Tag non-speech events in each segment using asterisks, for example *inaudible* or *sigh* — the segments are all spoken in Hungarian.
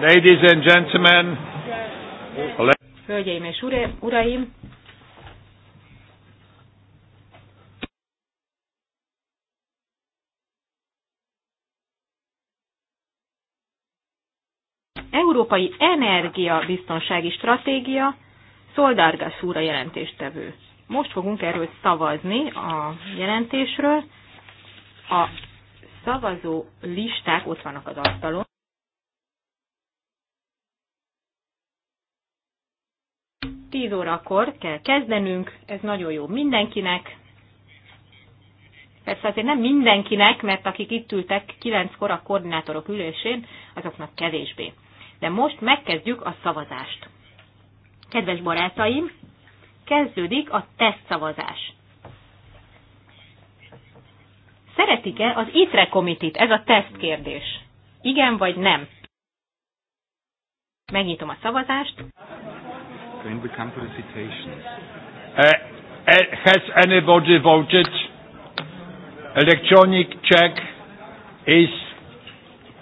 Ladies and gentlemen. Hölgyeim és uraim. Európai Energia Biztonsági Stratégia Szoldargas úr a jelentéstevő. Most fogunk erről szavazni a jelentésről. A szavazó listák ott vannak az asztalon. 10 órakor kell kezdenünk, ez nagyon jó mindenkinek. Persze azért nem mindenkinek, mert akik itt ültek 9-kor a koordinátorok ülésén, azoknak kevésbé. De most megkezdjük a szavazást. Kedves barátaim, kezdődik a teszt szavazás. Szeretik-e az ITRE komitit? Ez a teszt kérdés. Igen vagy nem? Megnyitom a szavazást. Then we come to the citation. Uh, uh, has anybody voted? Electronic check is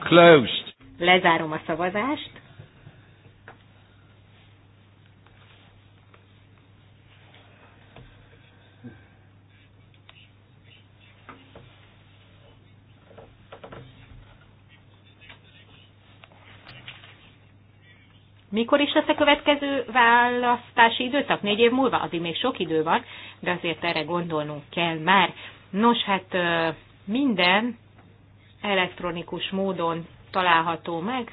closed. Lezárom a szavazást. Mikor is lesz a következő választási időszak? Négy év múlva? Addig még sok idő van, de azért erre gondolnunk kell már. Nos, hát minden elektronikus módon található meg.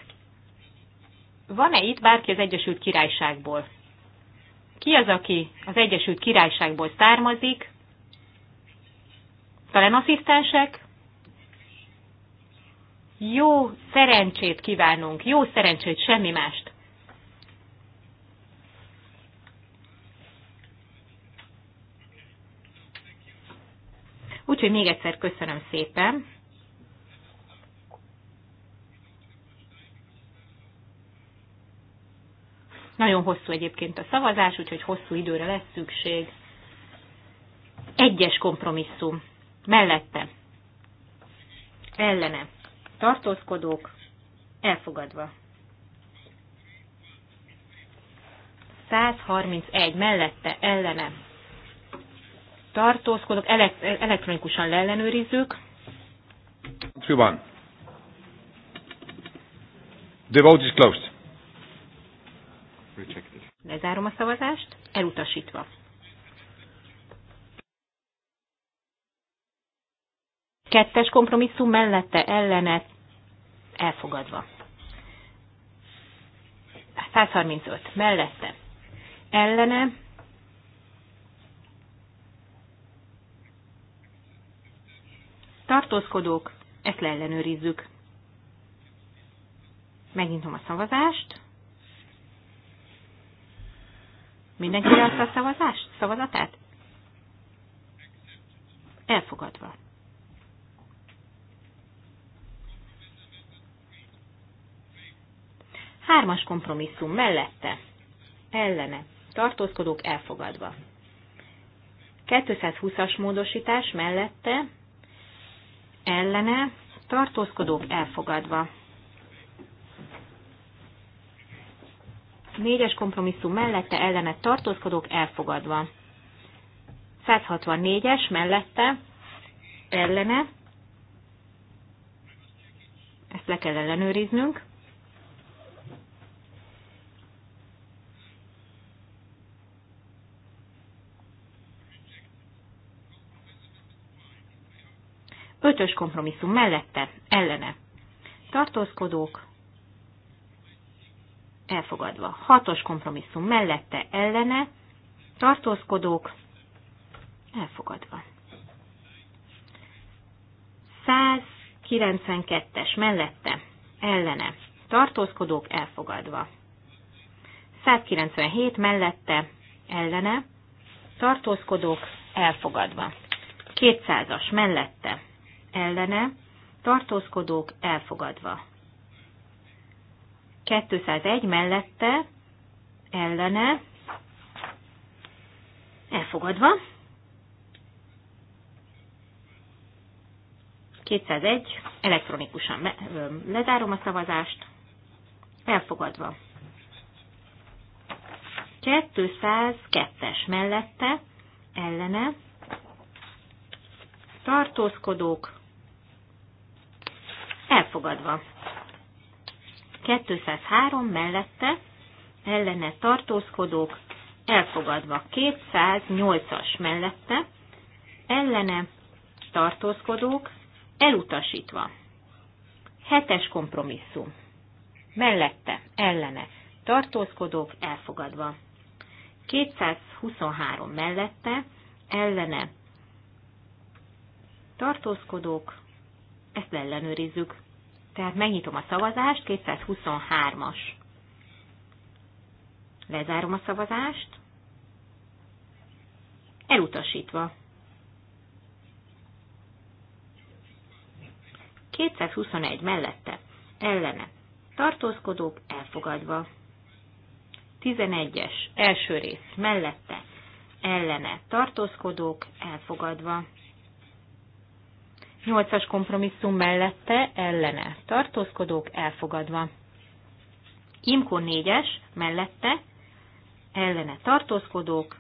Van-e itt bárki az Egyesült Királyságból? Ki az, aki az Egyesült Királyságból származik? Talán asszisztensek? Jó szerencsét kívánunk, jó szerencsét, semmi mást. Úgyhogy még egyszer köszönöm szépen. Nagyon hosszú egyébként a szavazás, úgyhogy hosszú időre lesz szükség. Egyes kompromisszum. Mellette. Ellene. Tartózkodók. Elfogadva. 131 mellette ellene tartózkodok, elektronikusan leellenőrizzük. One. The vote is closed. Rejected. Lezárom a szavazást, elutasítva. Kettes kompromisszum mellette ellene elfogadva. 135 mellette ellene tartózkodók, ezt leellenőrizzük. Megnyitom a szavazást. Mindenki adta a szavazást, szavazatát? Elfogadva. Hármas kompromisszum mellette, ellene, tartózkodók elfogadva. 220-as módosítás mellette, ellene, tartózkodók elfogadva. Négyes kompromisszum mellette ellene tartózkodók elfogadva. 164-es mellette ellene, ezt le kell ellenőriznünk, Ötös kompromisszum mellette, ellene. Tartózkodók elfogadva. Hatos kompromisszum mellette, ellene. Tartózkodók elfogadva. 192-es mellette, ellene. Tartózkodók elfogadva. 197 mellette, ellene. Tartózkodók elfogadva. 200-as mellette, ellene, tartózkodók elfogadva. 201 mellette, ellene, elfogadva. 201, elektronikusan lezárom a szavazást, elfogadva. 202-es mellette, ellene, tartózkodók, elfogadva. 203 mellette ellene tartózkodók elfogadva. 208-as mellette ellene tartózkodók elutasítva. Hetes kompromisszum. Mellette, ellene, tartózkodók elfogadva. 223 mellette, ellene, tartózkodók, ezt ellenőrizzük. Tehát megnyitom a szavazást, 223-as. Lezárom a szavazást. Elutasítva. 221 mellette, ellene, tartózkodók elfogadva. 11-es, első rész, mellette, ellene, tartózkodók elfogadva. 8-as kompromisszum mellette ellene tartózkodók elfogadva. Imkó 4-es mellette ellene tartózkodók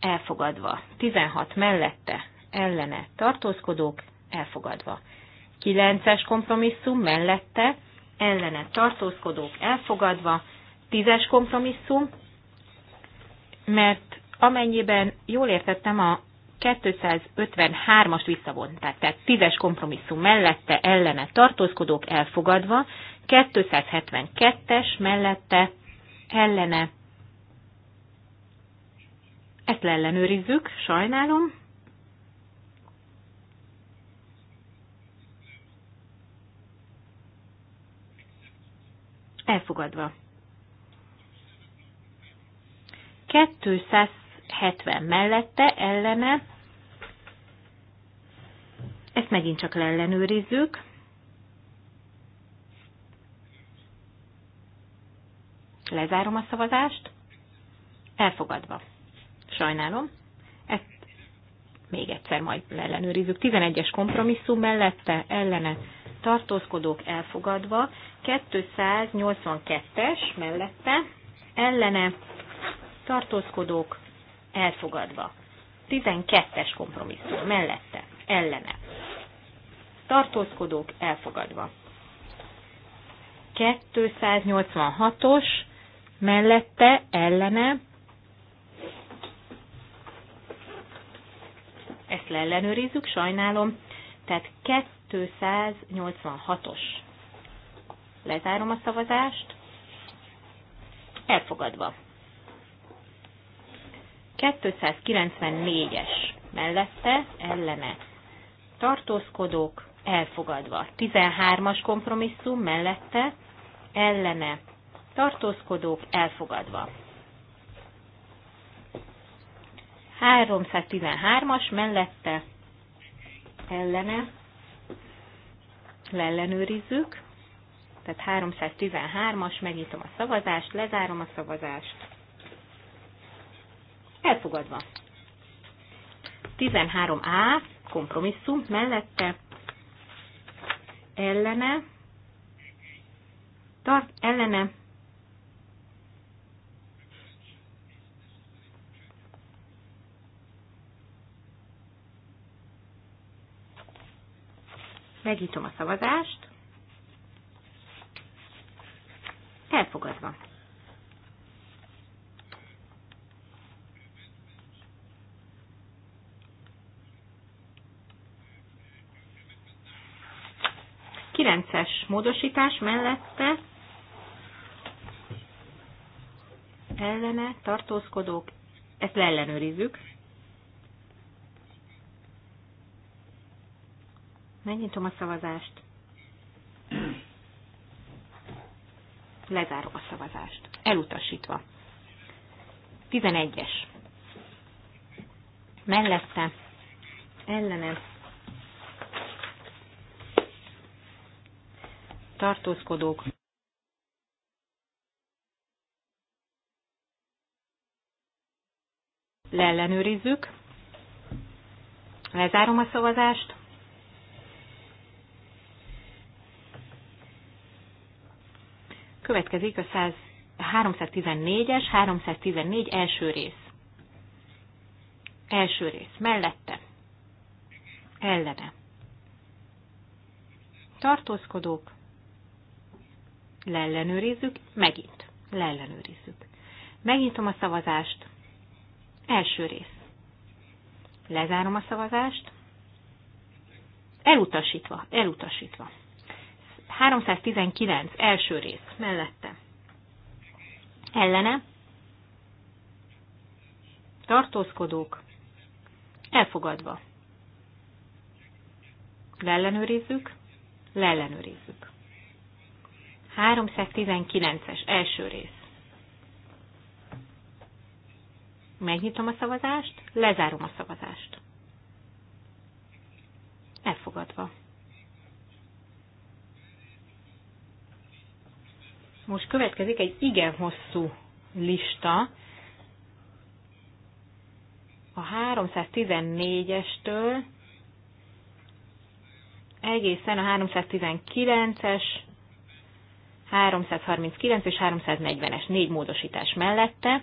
elfogadva. 16 mellette ellene tartózkodók elfogadva. 9-es kompromisszum mellette ellene tartózkodók elfogadva. 10-es kompromisszum, mert amennyiben jól értettem a 253 as visszavonták, tehát 10-es kompromisszum mellette ellene tartózkodók elfogadva, 272-es mellette ellene. Ezt leellenőrizzük, sajnálom. Elfogadva. 270 mellette ellene ezt megint csak ellenőrizzük. Lezárom a szavazást. Elfogadva. Sajnálom. Ezt még egyszer majd ellenőrizzük. 11-es kompromisszum mellette ellene tartózkodók elfogadva. 282-es mellette ellene tartózkodók elfogadva. 12-es kompromisszum mellette ellene tartózkodók elfogadva. 286-os mellette ellene ezt leellenőrizzük, sajnálom, tehát 286-os. Lezárom a szavazást. Elfogadva. 294-es mellette ellene tartózkodók elfogadva. 13-as kompromisszum mellette ellene tartózkodók elfogadva. 313-as mellette ellene leellenőrizzük, tehát 313-as, megnyitom a szavazást, lezárom a szavazást. Elfogadva. 13A kompromisszum mellette ellene, tart, ellene, Megítom a szavazást. Elfogadva. 9-es módosítás mellette ellene tartózkodók, ezt leellenőrizzük. Megnyitom a szavazást. Lezárom a szavazást. Elutasítva. 11-es. Mellette. Ellenem tartózkodók. Leellenőrizzük. Lezárom a szavazást. Következik a 314-es, 314 első rész. Első rész, mellette, ellene. Tartózkodók, leellenőrizzük, megint leellenőrizzük. Megnyitom a szavazást, első rész. Lezárom a szavazást, elutasítva, elutasítva. 319, első rész, mellette. Ellene, tartózkodók, elfogadva. Leellenőrizzük, leellenőrizzük. 319-es első rész. Megnyitom a szavazást, lezárom a szavazást. Elfogadva. Most következik egy igen hosszú lista. A 314-estől egészen a 319-es 339 és 340-es négy módosítás mellette,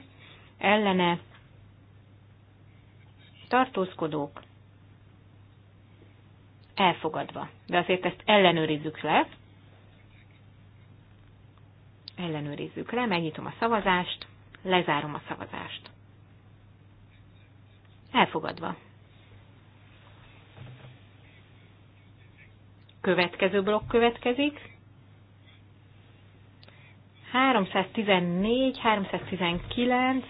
ellene tartózkodók elfogadva. De azért ezt ellenőrizzük le. Ellenőrizzük le, megnyitom a szavazást, lezárom a szavazást. Elfogadva. Következő blokk következik. 314, 319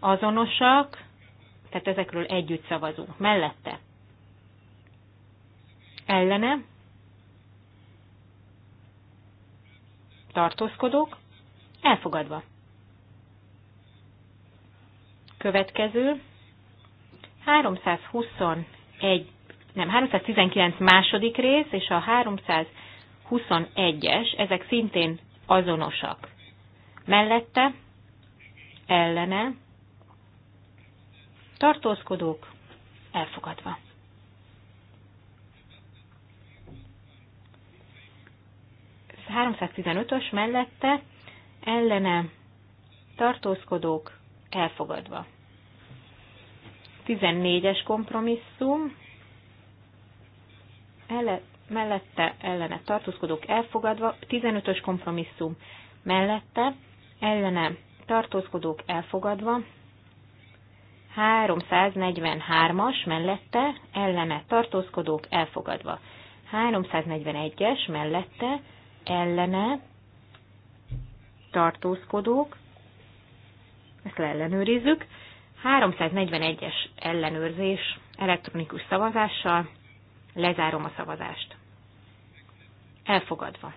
azonosak, tehát ezekről együtt szavazunk. Mellette. Ellene. Tartózkodók. Elfogadva. Következő. 321, nem, 319 második rész, és a 321-es, ezek szintén azonosak. Mellette, ellene, tartózkodók, elfogadva. Ez 315-ös mellette, ellene, tartózkodók, elfogadva. 14-es kompromisszum, ele, mellette ellene tartózkodók elfogadva, 15-ös kompromisszum mellette ellene tartózkodók elfogadva, 343-as mellette ellene tartózkodók elfogadva, 341-es mellette ellene tartózkodók, ezt leellenőrizzük, 341-es ellenőrzés elektronikus szavazással, lezárom a szavazást elfogadva.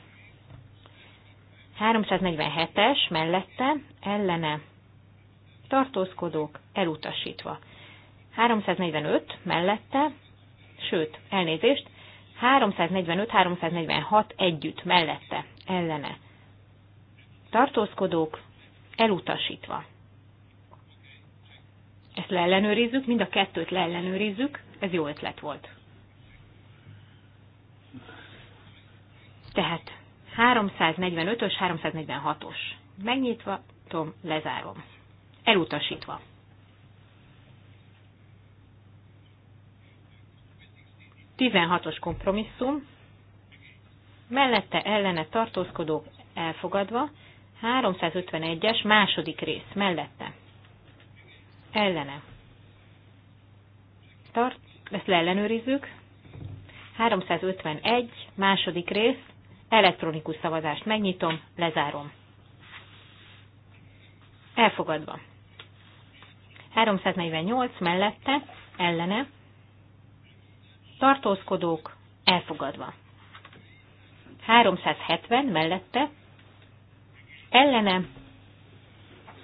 347-es mellette ellene tartózkodók elutasítva. 345 mellette, sőt, elnézést, 345-346 együtt mellette ellene tartózkodók elutasítva. Ezt leellenőrizzük, mind a kettőt leellenőrizzük, ez jó ötlet volt. Tehát 345-ös, 346-os. Megnyitva, tom, lezárom. Elutasítva. Tizenhatos kompromisszum, mellette ellene tartózkodók elfogadva, 351-es második rész mellette. Ellene. Tart, ezt leellenőrizzük. 351 második rész Elektronikus szavazást megnyitom, lezárom. Elfogadva. 348 mellette, ellene, tartózkodók, elfogadva. 370 mellette, ellene,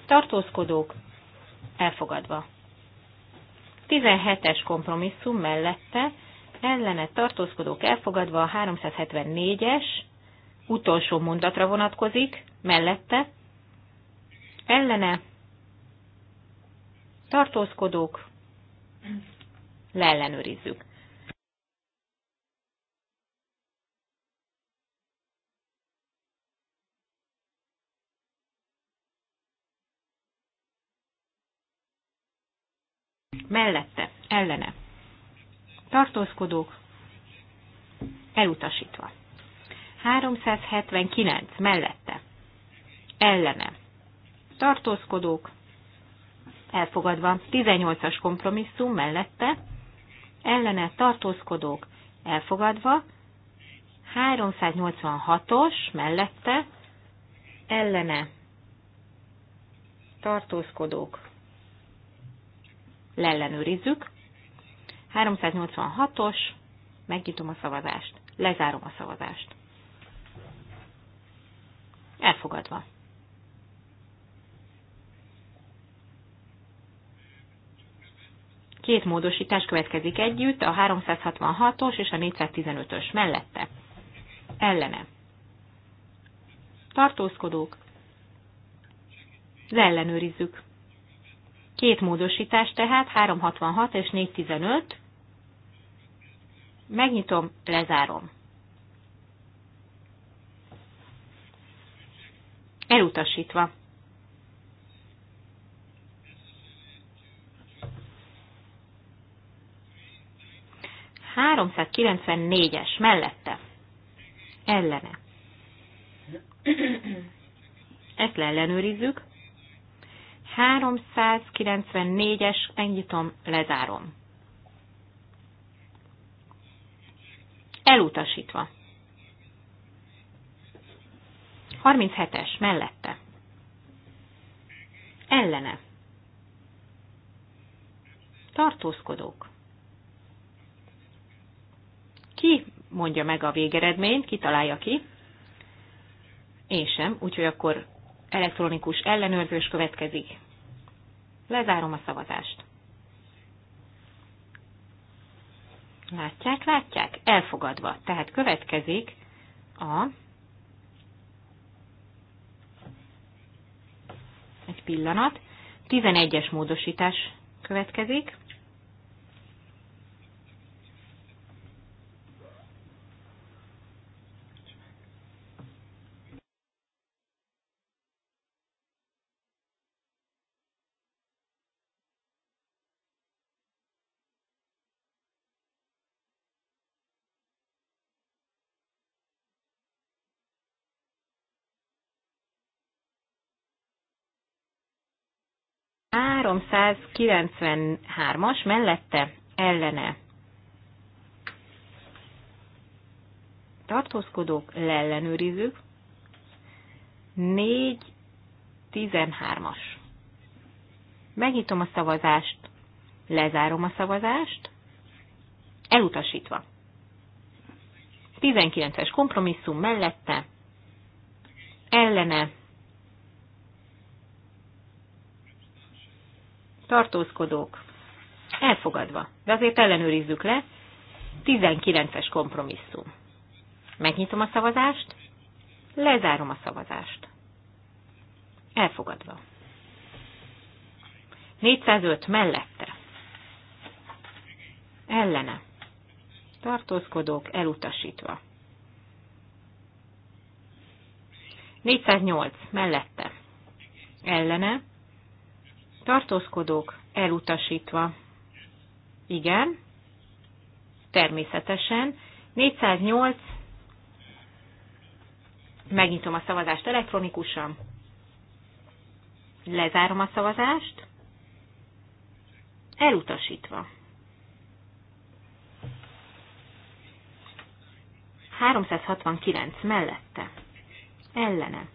tartózkodók, elfogadva. 17-es kompromisszum mellette, ellene tartózkodók elfogadva 374-es utolsó mondatra vonatkozik, mellette, ellene, tartózkodók, leellenőrizzük. Mellette, ellene, tartózkodók, elutasítva. 379 mellette. Ellene. Tartózkodók. Elfogadva. 18-as kompromisszum mellette. Ellene tartózkodók. Elfogadva. 386-os mellette. Ellene tartózkodók. Lellenőrizzük. 386-os. Megnyitom a szavazást. Lezárom a szavazást. Elfogadva. Két módosítás következik együtt, a 366-os és a 415-ös mellette. Ellene. Tartózkodók. Leellenőrizzük. Két módosítás tehát, 366 és 415. Megnyitom, lezárom. elutasítva. es mellette. Ellene. Ezt leellenőrizzük. 394-es, ennyitom, lezárom. Elutasítva. 37-es mellette. Ellene. Tartózkodók. Ki mondja meg a végeredményt, ki találja ki? Én sem, úgyhogy akkor elektronikus ellenőrzős következik. Lezárom a szavazást. Látják, látják? Elfogadva. Tehát következik a pillanat. 11-es módosítás következik. 393-as mellette ellene tartózkodók leellenőrizők, 4.13-as. Megnyitom a szavazást, lezárom a szavazást, elutasítva. 19-es kompromisszum mellette, ellene, tartózkodók, elfogadva. De azért ellenőrizzük le. 19-es kompromisszum. Megnyitom a szavazást, lezárom a szavazást. Elfogadva. 405 mellette. Ellene. Tartózkodók elutasítva. 408 mellette. Ellene tartózkodók elutasítva. Igen, természetesen. 408, megnyitom a szavazást elektronikusan, lezárom a szavazást, elutasítva. 369 mellette. Ellene.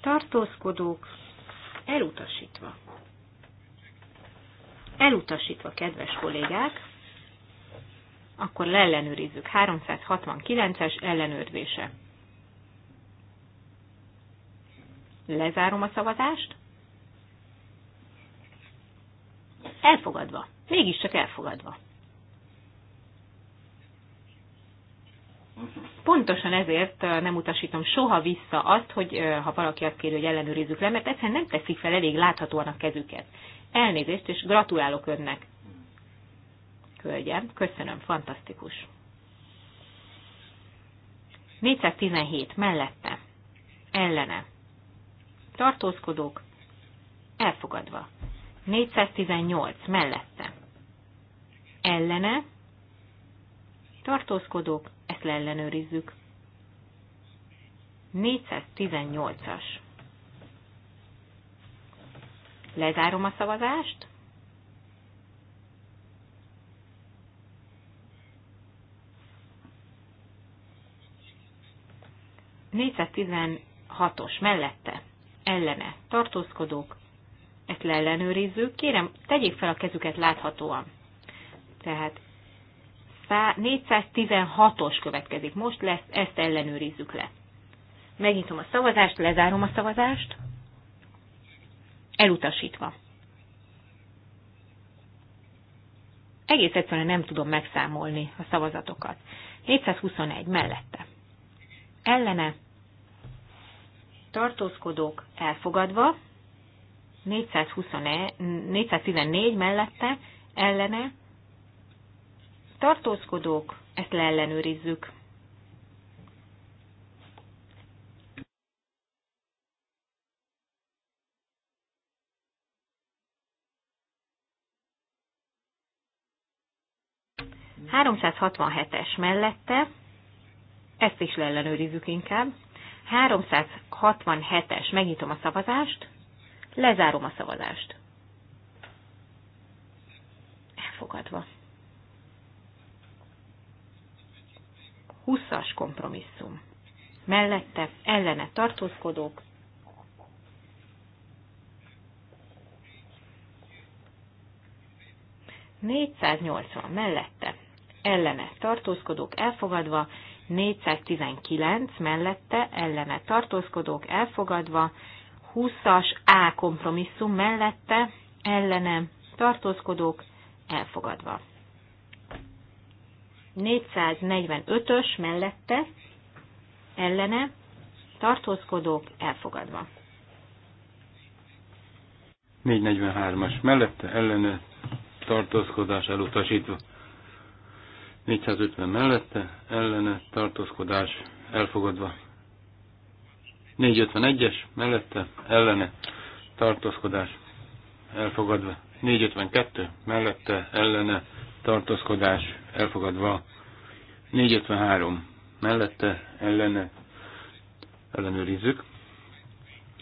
Tartózkodók elutasítva. Elutasítva, kedves kollégák, akkor leellenőrizzük. 369-es ellenőrzése. Lezárom a szavazást. Elfogadva. Mégiscsak elfogadva. pontosan ezért nem utasítom soha vissza azt, hogy ha valaki azt kéri, hogy ellenőrizzük le, mert egyszerűen nem teszik fel elég láthatóan a kezüket. Elnézést, és gratulálok önnek. Hölgyem, köszönöm, fantasztikus. 417 mellette, ellene. Tartózkodók, elfogadva. 418 mellette, ellene. Tartózkodók, leellenőrizzük. 418-as. Lezárom a szavazást. os mellette ellene tartózkodók, ezt leellenőrizzük. Kérem, tegyék fel a kezüket láthatóan. Tehát 416-os következik. Most lesz, ezt ellenőrizzük le. Megnyitom a szavazást, lezárom a szavazást. Elutasítva. Egész egyszerűen nem tudom megszámolni a szavazatokat. 421 mellette. Ellene. Tartózkodók elfogadva. 420, 414 mellette. Ellene tartózkodók, ezt leellenőrizzük. ...367-es mellette, ezt is leellenőrizzük inkább, 367-es, megnyitom a szavazást, lezárom a szavazást. Elfogadva. 20-as kompromisszum. Mellette ellene tartózkodók. ...480 mellette ellene tartózkodók elfogadva, 419 mellette ellene tartózkodók elfogadva, 20-as A kompromisszum mellette ellene tartózkodók elfogadva. 445-ös mellette ellene tartózkodók elfogadva. 443-as mellette ellene tartózkodás elutasítva. 450 mellette ellene tartózkodás elfogadva. 451-es mellette ellene tartózkodás elfogadva. 452 mellette ellene tartózkodás elfogadva. 453 mellette ellene ellenőrizzük.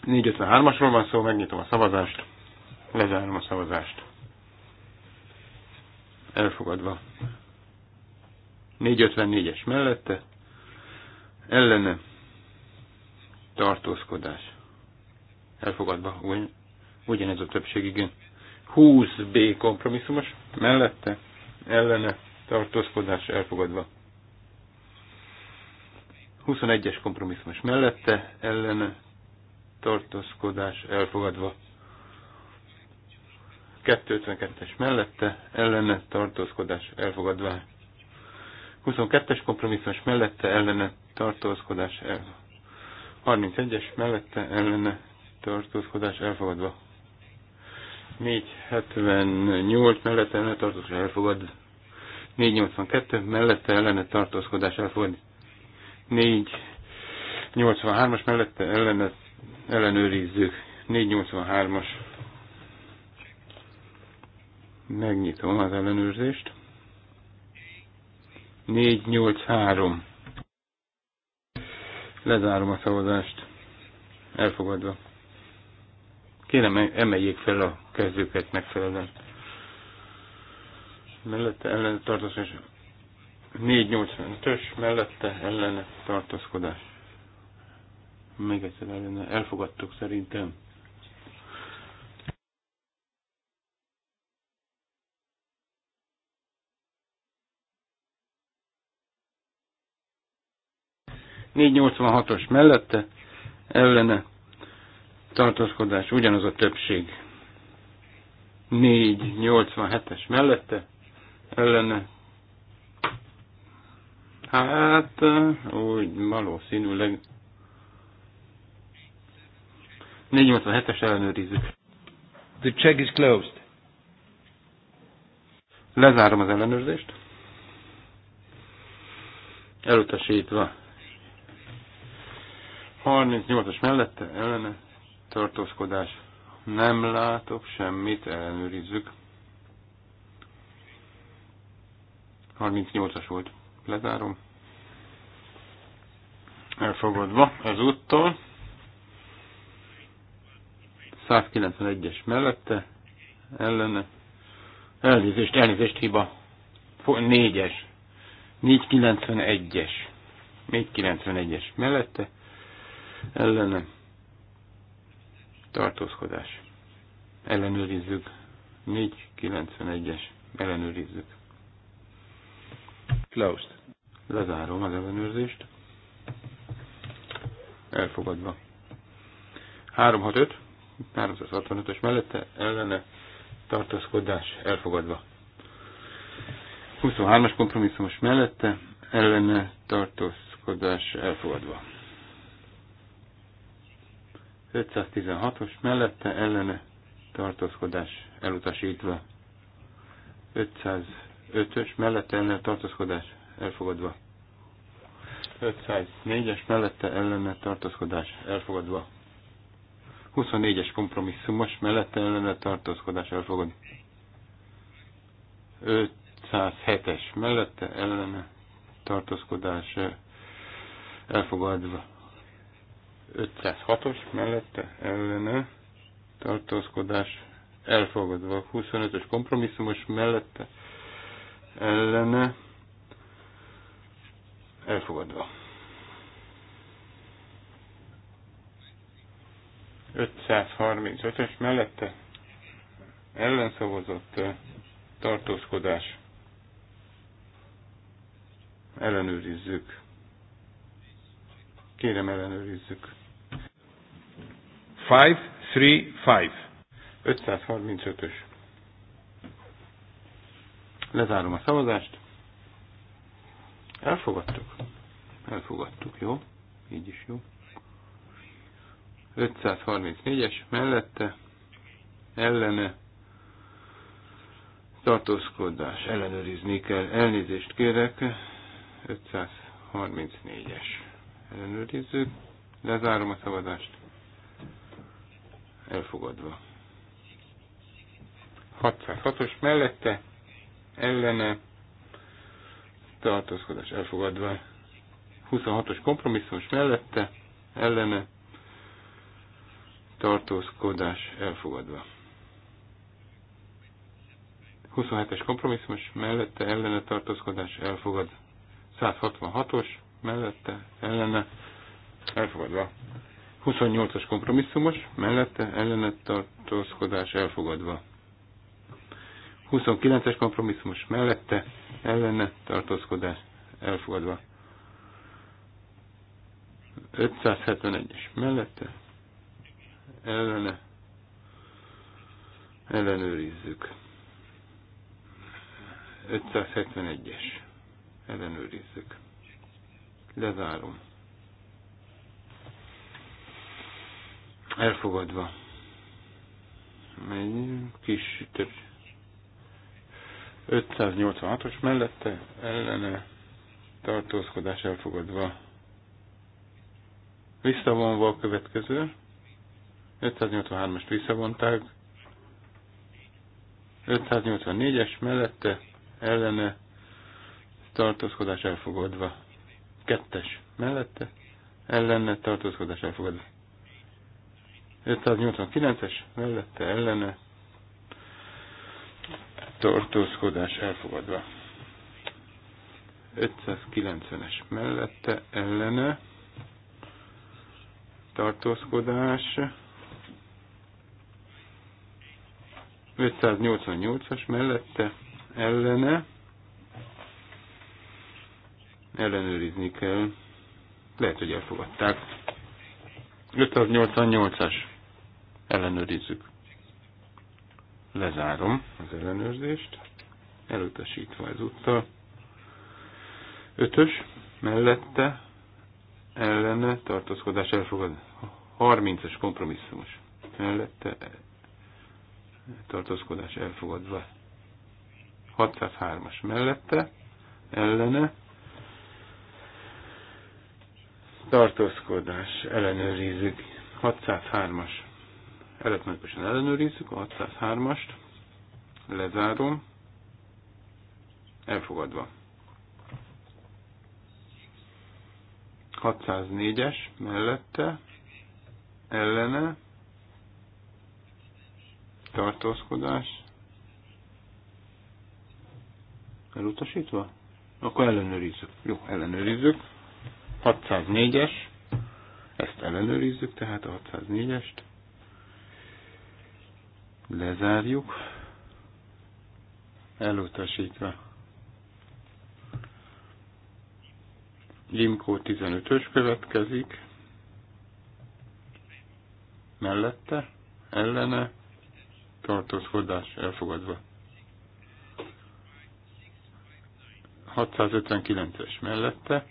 453-asról van szó, megnyitom a szavazást, lezárom a szavazást. Elfogadva. 454-es mellette ellene tartózkodás. Elfogadva ugyanez a többség, igen. 20B kompromisszumos mellette ellene tartózkodás elfogadva. 21-es kompromisszumos mellette, ellen tartózkodás elfogadva. 252-es mellette, ellene tartózkodás elfogadva. 22-es kompromisszumos mellette, ellene tartózkodás elfogadva. 31-es mellette, ellene tartózkodás elfogadva. 478 mellette, ellene tartózkodás elfogadva. 482 mellette ellene tartózkodás elfogadni. 483-as mellette ellene ellenőrizzük. 483-as. Megnyitom az ellenőrzést. 483. Lezárom a szavazást. Elfogadva. Kérem, emeljék fel a kezdőket megfelelően mellette ellene tartozás. 485-ös mellette ellene tartózkodás. Még egyszer ellene elfogadtuk szerintem. os mellette ellene tartózkodás ugyanaz a többség. 487-es mellette ellene. Hát, úgy valószínűleg 487-es ellenőrizzük. The check is closed. Lezárom az ellenőrzést. Elutasítva. 38-as mellette ellene tartózkodás. Nem látok semmit, ellenőrizzük. 38-as volt. Lezárom. Elfogadva ezúttal. 191-es mellette, ellene. Elnézést, elnézést, hiba. 4-es. 491-es. 491-es mellette, ellene. Tartózkodás. Ellenőrizzük. 491-es. Ellenőrizzük. Closed. Lezárom az ellenőrzést. Elfogadva. 365, 365-ös mellette ellene tartózkodás elfogadva. 23-as kompromisszumos mellette ellene tartózkodás elfogadva. 516-os mellette ellene tartózkodás elutasítva. 500 5-ös mellette ellene tartózkodás elfogadva. 504-es mellette ellene tartózkodás elfogadva. 24-es kompromisszumos mellette ellene tartózkodás elfogadva. 507-es mellette ellene tartózkodás elfogadva. 506-os mellette ellene tartózkodás elfogadva. 25-ös kompromisszumos mellette ellene elfogadva. 535-ös mellette ellenszavazott tartózkodás. Ellenőrizzük. Kérem, ellenőrizzük. 535. 535-ös. Lezárom a szavazást. Elfogadtuk. Elfogadtuk, jó? Így is jó. 534-es mellette ellene tartózkodás ellenőrizni kell. Elnézést kérek. 534-es ellenőriző. Lezárom a szavazást. Elfogadva. 606-os mellette ellene tartózkodás elfogadva. 26-os kompromisszumos mellette ellene tartózkodás elfogadva. 27-es kompromisszumos mellette ellene tartózkodás elfogad. 166-os mellette ellene elfogadva. 28-as kompromisszumos mellette ellene tartózkodás elfogadva. 29-es kompromisszumos mellette ellene tartózkodás elfogadva. 571-es mellette ellene ellenőrizzük. 571-es ellenőrizzük. Lezárom. Elfogadva. Egy kis több 586-os mellette ellene tartózkodás elfogadva. Visszavonva a következő. 583-ast visszavonták. 584-es mellette ellene tartózkodás elfogadva. Kettes mellette ellene tartózkodás elfogadva. 589-es mellette ellene tartózkodás elfogadva. 590-es mellette ellene tartózkodás 588-as mellette ellene ellenőrizni kell. Lehet, hogy elfogadták. 588-as. Ellenőrizzük. Lezárom az ellenőrzést, elutasítva ezúttal. Ötös, mellette, ellene, tartózkodás elfogad. 30-as kompromisszumos. Mellette, tartózkodás elfogadva. 603-as mellette, ellene, tartózkodás ellenőrizzük. 603-as Elektronikusan ellenőrizzük a 603-ast, lezárom, elfogadva. 604-es mellette, ellene, tartózkodás, elutasítva? Akkor ellenőrizzük. Jó, ellenőrizzük. 604-es, ezt ellenőrizzük, tehát a 604-est. Lezárjuk. Elutasítva. Gimkó 15-ös következik. Mellette, ellene, tartózkodás elfogadva. 659-es mellette,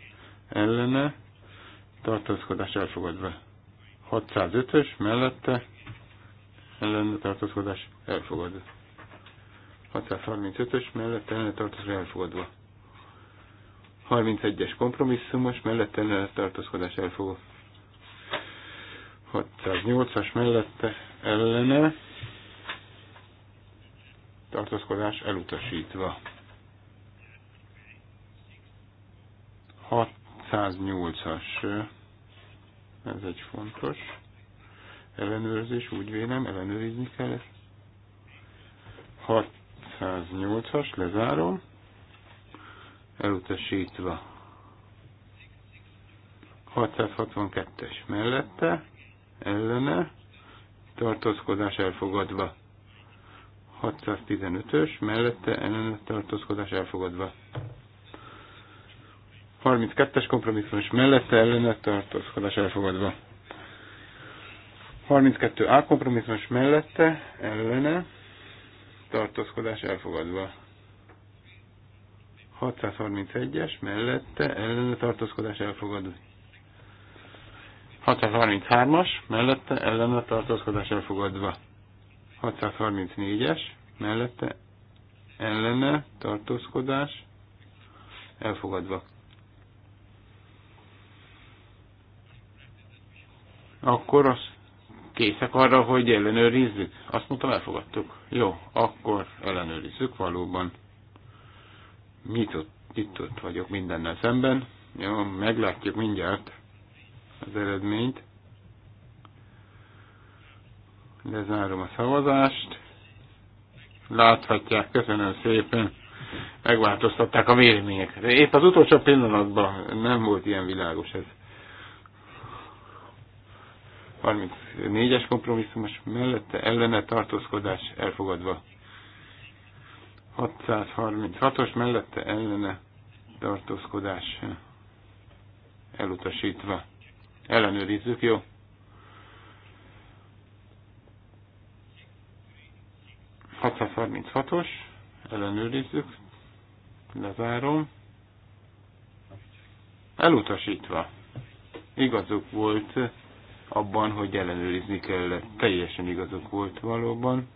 ellene, tartózkodás elfogadva. 605-ös mellette, ellen tartózkodás elfogadva. 635-ös mellett ellen tartózkodás elfogadva. 31-es kompromisszumos mellett ellen tartózkodás elfogadva. 608-as mellette ellene tartózkodás elutasítva. 608-as, ez egy fontos ellenőrzés, úgy vélem, ellenőrizni kell ezt. 608-as, lezárom, elutasítva. 662-es mellette, ellene, tartózkodás elfogadva. 615-ös, mellette ellene tartózkodás elfogadva. 32-es kompromisszum és mellette ellene tartózkodás elfogadva. 32A kompromisszumos mellette, ellene, tartózkodás elfogadva. 631-es mellette, ellene, tartózkodás elfogadva. 633-as mellette, ellene, tartózkodás elfogadva. 634-es mellette, ellene, tartózkodás elfogadva. Akkor azt készek arra, hogy ellenőrizzük? Azt mondtam, elfogadtuk. Jó, akkor ellenőrizzük valóban. Mit ott, itt ott vagyok mindennel szemben. Jó, meglátjuk mindjárt az eredményt. Lezárom a szavazást. Láthatják, köszönöm szépen. Megváltoztatták a véleményeket. Épp az utolsó pillanatban nem volt ilyen világos ez. 34-es kompromisszumos mellette ellene tartózkodás elfogadva. 636-os mellette ellene tartózkodás elutasítva. Ellenőrizzük, jó? os ellenőrizzük, lezárom. Elutasítva. Igazuk volt abban, hogy ellenőrizni kellett. Teljesen igazok volt valóban.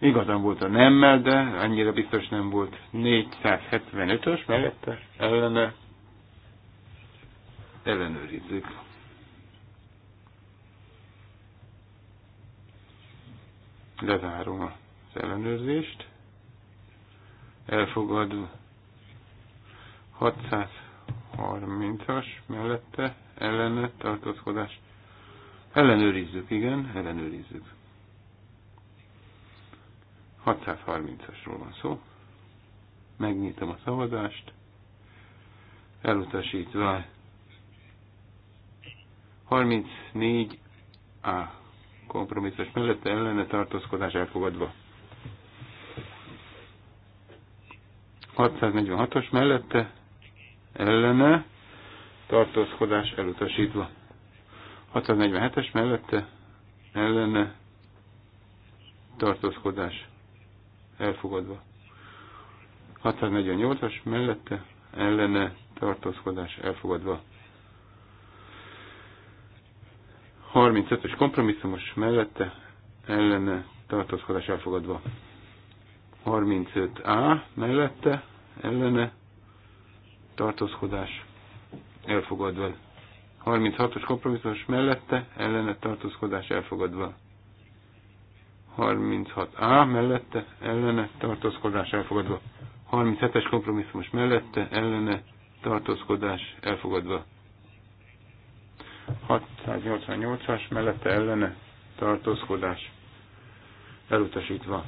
Igazán volt a nemmel, de annyira biztos nem volt. 475-ös mellette ellene ellenőrizzük. Lezárom az ellenőrzést. Elfogadva 630-as mellette ellene tartózkodás. Ellenőrizzük, igen, ellenőrizzük. 630-asról van szó. Megnyitom a szavazást. Elutasítva 34 a kompromisszus mellette ellene tartózkodás elfogadva. 646-os mellette ellene tartózkodás elutasítva. 647-es mellette ellene tartózkodás elfogadva. 648-as mellette ellene tartózkodás elfogadva. 35-ös kompromisszumos mellette ellene tartózkodás elfogadva. 35A mellette ellene tartózkodás elfogadva. 36-os kompromisszumos mellette ellene tartózkodás elfogadva. 36A mellette ellene tartózkodás elfogadva. 37-es kompromisszumos mellette ellene tartózkodás elfogadva. 688-as mellette ellene tartózkodás elutasítva.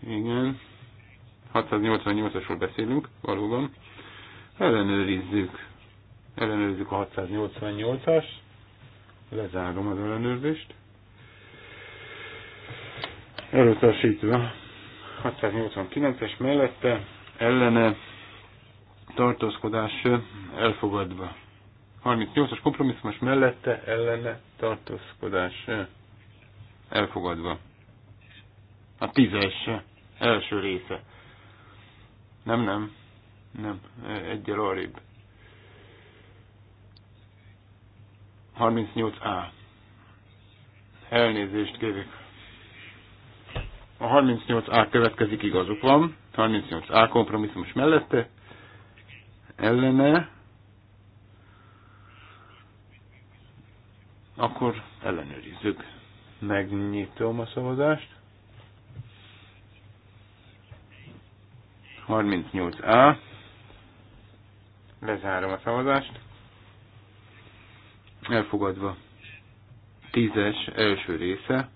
Igen. 688-asról beszélünk, valóban. Ellenőrizzük. Ellenőrizzük a 688-as. Lezárom az ellenőrzést. Előtasítva 689-es mellette ellene tartózkodás elfogadva. 38-as kompromisszumos mellette ellene tartózkodás elfogadva. A tízes első része. Nem, nem, nem, egyel arrébb. 38A. Elnézést kérek. A 38A következik, igazuk van. 38A kompromisszumos mellette. Ellene. Akkor ellenőrizzük. Megnyitom a szavazást. 38A. Lezárom a szavazást elfogadva. Tízes első része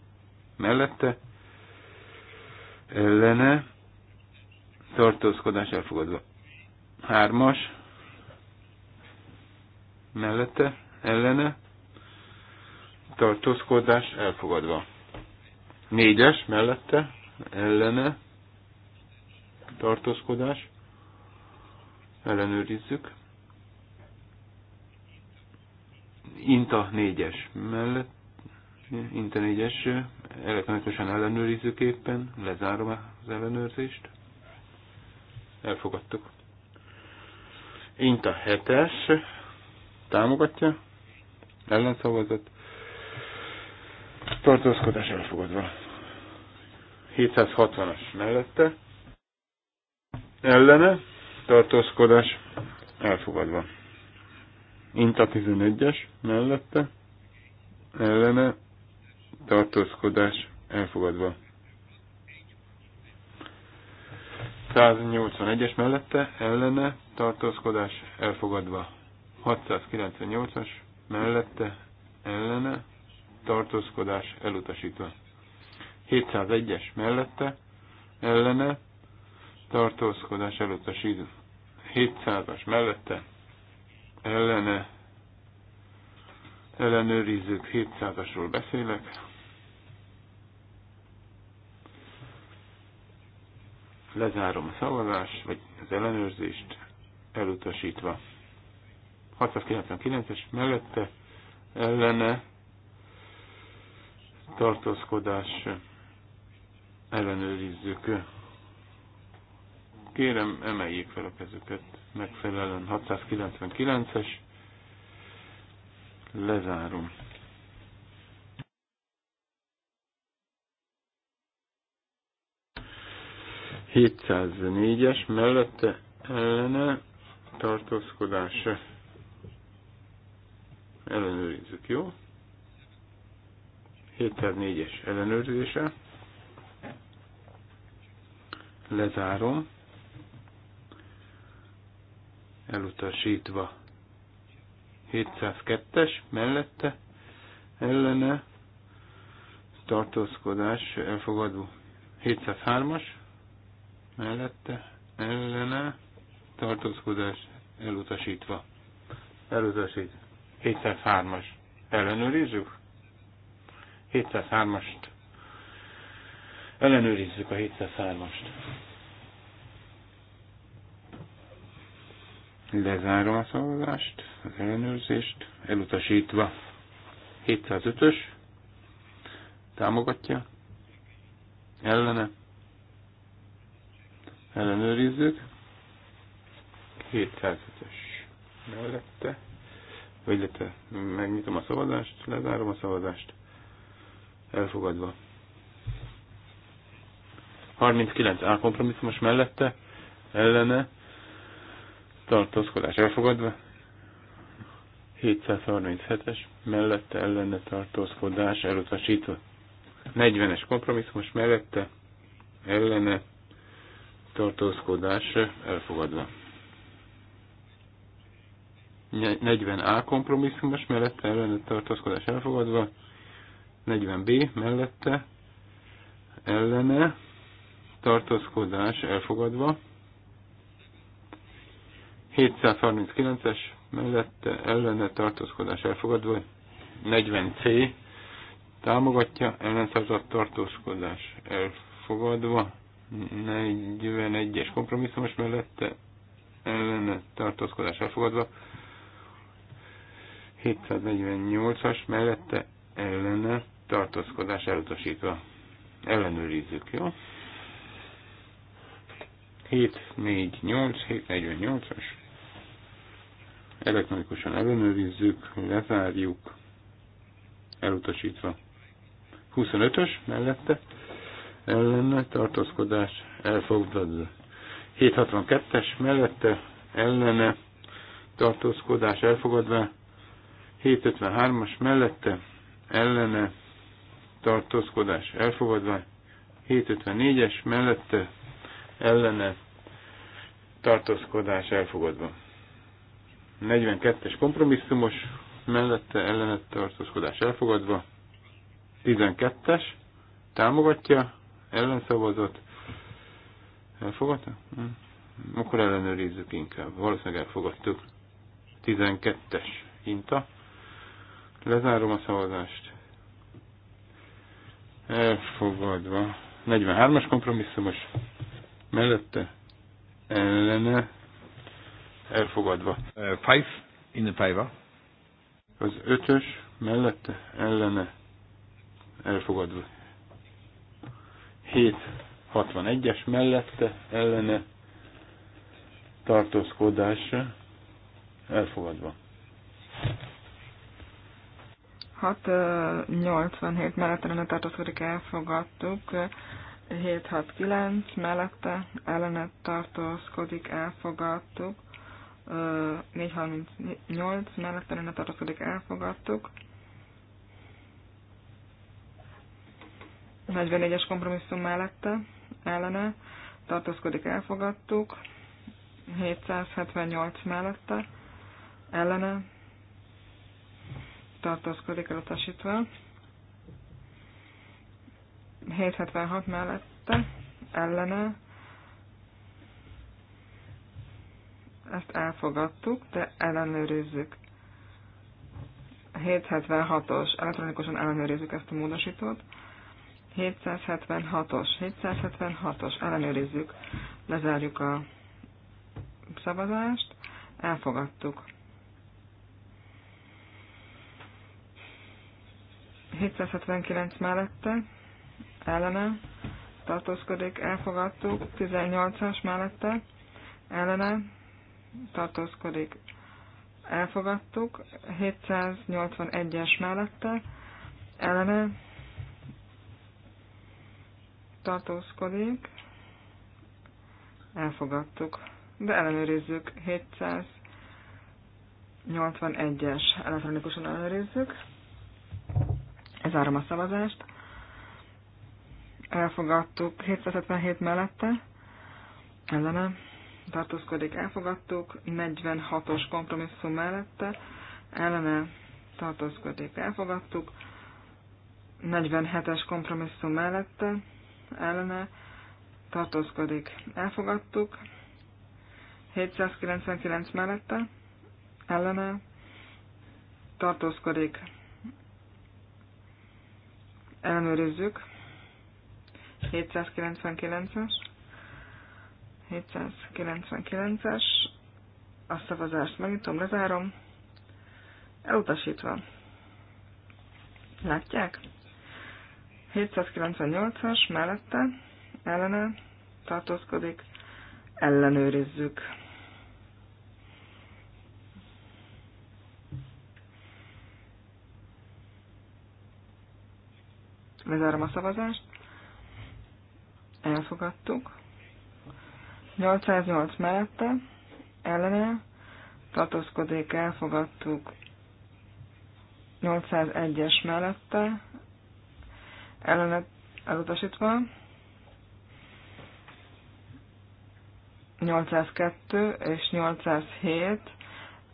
mellette ellene tartózkodás elfogadva. Hármas mellette ellene tartózkodás elfogadva. Négyes mellette ellene tartózkodás ellenőrizzük. Inta 4-es mellett, Inta 4-es elektronikusan ellenőrizőképpen lezárom az ellenőrzést. Elfogadtuk. Inta 7-es támogatja, ellenszavazat, tartózkodás elfogadva. 760-as mellette, ellene, tartózkodás elfogadva. Inta 11-es mellette ellene tartózkodás elfogadva. 181-es mellette ellene tartózkodás elfogadva. 698-as mellette ellene tartózkodás elutasítva. 701-es mellette ellene tartózkodás elutasítva. 700-as mellette ellene ellenőrizzük, 700-asról beszélek. Lezárom a szavazást, vagy az ellenőrzést elutasítva. 699-es mellette ellene tartózkodás ellenőrizzük. Kérem, emeljék fel a kezüket megfelelően 699-es. Lezárom. es mellette ellene tartózkodása. ellenőrizzük, jó? 704-es ellenőrzése. Lezárom elutasítva. 702-es mellette ellene tartózkodás elfogadó. 703-as mellette ellene tartózkodás elutasítva. Elutasít. 703-as. Ellenőrizzük? 703-ast. Ellenőrizzük a 703-ast. Lezárom a szavazást, az ellenőrzést, elutasítva. 705-ös támogatja, ellene, ellenőrizzük, 705-ös mellette, vagy illetve megnyitom a szavazást, lezárom a szavazást, elfogadva. 39 A kompromisszumos mellette, ellene, tartózkodás elfogadva, 737-es mellette ellene tartózkodás elutasítva, 40-es kompromisszumos mellette ellene tartózkodás elfogadva. 40A kompromisszumos mellette ellene tartózkodás elfogadva, 40B mellette ellene tartózkodás elfogadva, 739-es mellette ellene tartózkodás elfogadva, 40C támogatja ellenszavazat tartózkodás elfogadva, 41-es kompromisszumos mellette ellene tartózkodás elfogadva, 748-as mellette ellene tartózkodás elutasítva. Ellenőrizzük, jó? 7 8 7, 48 as elektronikusan ellenőrizzük, lezárjuk, elutasítva. 25-ös mellette ellenne tartózkodás elfogadva. 762-es mellette ellene tartózkodás elfogadva. 753-as mellette ellene tartózkodás elfogadva. 754-es mellette ellene tartózkodás elfogadva. 42-es kompromisszumos, mellette ellenett tartózkodás elfogadva. 12-es támogatja, ellenszavazott. Elfogadta? Hm. Akkor ellenőrizzük inkább. Valószínűleg elfogadtuk. 12-es hinta. Lezárom a szavazást. Elfogadva. 43-as kompromisszumos. Mellette ellene elfogadva. Uh, five in the favor. Az ötös mellette ellene elfogadva. Hét, hatvan es mellette ellene tartózkodása elfogadva. 687 mellette ellene tartózkodik, elfogadtuk. 769 mellette ellene tartózkodik, elfogadtuk. 438 mellett a tartozkodik elfogadtuk. 44-es kompromisszum mellette ellene tartozkodik elfogadtuk. 778 mellette ellene tartózkodik elutasítva. 776 mellette ellene ezt elfogadtuk, de ellenőrizzük. 776-os, elektronikusan ellenőrizzük ezt a módosítót. 776-os, 776-os, ellenőrizzük, lezárjuk a szavazást, elfogadtuk. 779 mellette, ellene, tartózkodik, elfogadtuk, 18-as mellette, ellene, tartózkodik, elfogadtuk. 781-es mellette ellene tartózkodik, elfogadtuk. De ellenőrizzük, 781-es elektronikusan ellenőrizzük. ez a szavazást. Elfogadtuk 777 mellette, ellene tartózkodik, elfogadtuk, 46-os kompromisszum mellette ellene tartózkodik, elfogadtuk, 47-es kompromisszum mellette ellene tartózkodik, elfogadtuk, 799 mellette ellene tartózkodik, ellenőrizzük, 799-es, 799-es. A szavazást megnyitom, lezárom. Elutasítva. Látják? 798-as mellette, ellene tartózkodik, ellenőrizzük. Lezárom a szavazást. Elfogadtuk. 808 mellette ellene tartózkodék elfogadtuk 801-es mellette ellene elutasítva 802 és 807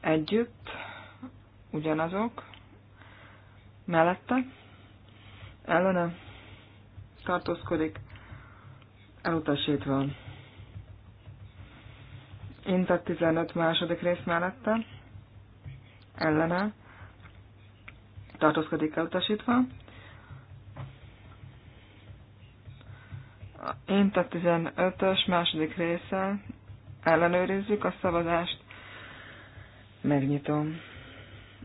együtt ugyanazok mellette ellene tartózkodik elutasítva Int a 15 második rész mellette, ellene, tartózkodik elutasítva. Én a 15-ös második része, ellenőrizzük a szavazást, megnyitom,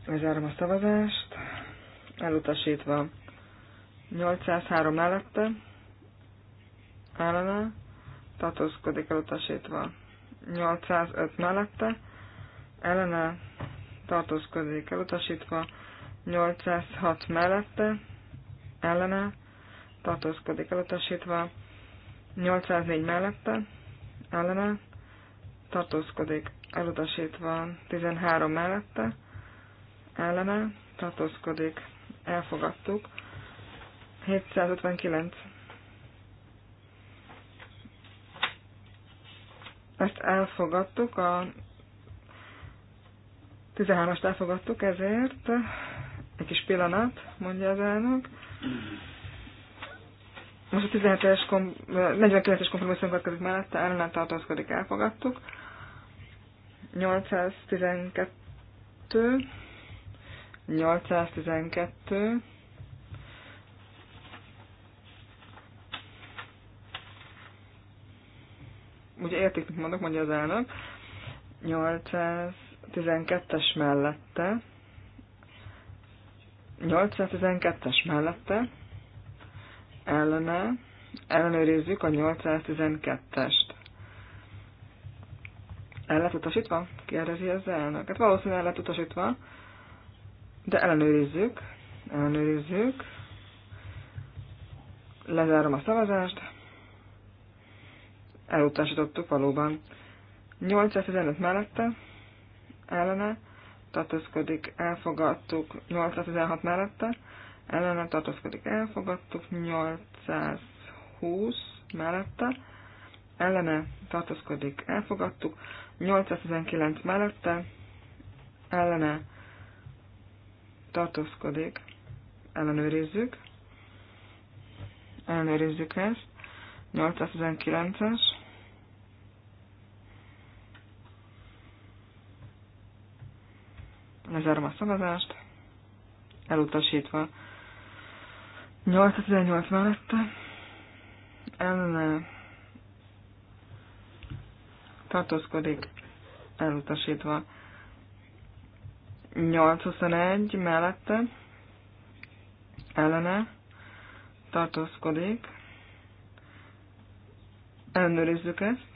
lezárom a szavazást, elutasítva 803 mellette, ellene, tartózkodik elutasítva 805 mellette, ellene tartózkodik elutasítva, 806 mellette, ellene tartózkodik elutasítva, 804 mellette, ellene tartózkodik elutasítva, 13 mellette, ellene tartózkodik, elfogadtuk, 759 ezt elfogadtuk, a 13-ast elfogadtuk, ezért egy kis pillanat, mondja az elnök. Most a 17-es, 49-es kompromisszum következik mellette, ellen tartózkodik, elfogadtuk. 812, 812, ugye értik, mit mondok, mondja az elnök, 812-es mellette, 812-es mellette, ellene, ellenőrizzük a 812-est. El lett utasítva? Kérdezi az elnök. Hát valószínűleg el lett utasítva, de ellenőrizzük, ellenőrizzük, lezárom a szavazást, elutasítottuk valóban. 815 mellette, ellene, tartózkodik, elfogadtuk, 816 mellette, ellene tartózkodik, elfogadtuk, 820 mellette, ellene tartózkodik, elfogadtuk, 819 mellette, ellene tartózkodik, ellenőrizzük, ellenőrizzük ezt, 819-es, Lezárom a szavazást. Elutasítva. 818 mellette. Ellene tartózkodik. Elutasítva. 821 mellette. Ellene tartózkodik. Ellenőrizzük ezt.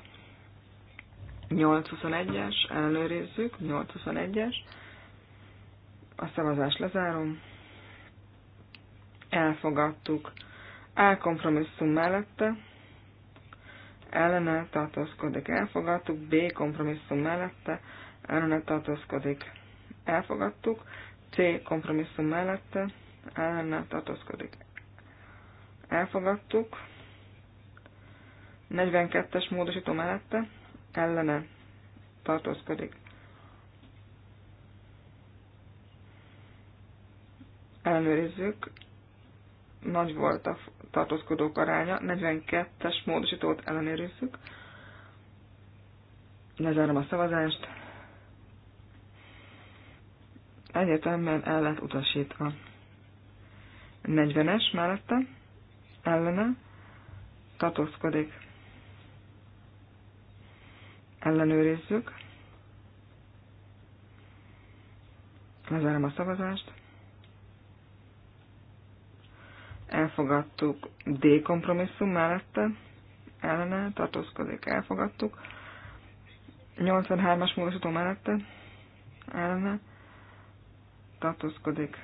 821-es, ellenőrizzük, 821-es. A szavazást lezárom. Elfogadtuk. A kompromisszum mellette. Ellene tartózkodik. Elfogadtuk. B kompromisszum mellette. Ellene tartózkodik. Elfogadtuk. C kompromisszum mellette. Ellene tartózkodik. Elfogadtuk. 42-es módosító mellette. Ellene tartózkodik ellenőrizzük. Nagy volt a tartózkodók aránya, 42-es módosítót ellenőrizzük. Lezárom a szavazást. Egyetemben el lett utasítva. 40-es mellette, ellene, tartózkodik. Ellenőrizzük. Lezárom a szavazást. elfogadtuk. D kompromisszum mellette ellene tartózkodik, elfogadtuk. 83-as módosító mellette ellene tartózkodik,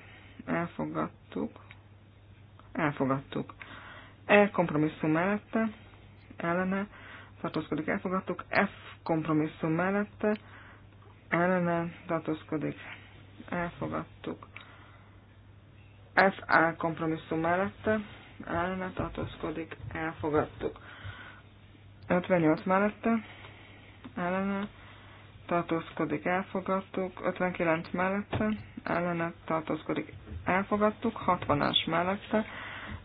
elfogadtuk. Elfogadtuk. E kompromisszum mellette ellene tartózkodik, elfogadtuk. F kompromisszum mellette ellene tartózkodik, elfogadtuk. FA kompromisszum mellette ellene tartózkodik, elfogadtuk. 58 mellette ellene tartózkodik, elfogadtuk. 59 mellette ellene tartózkodik, elfogadtuk. 60-as mellette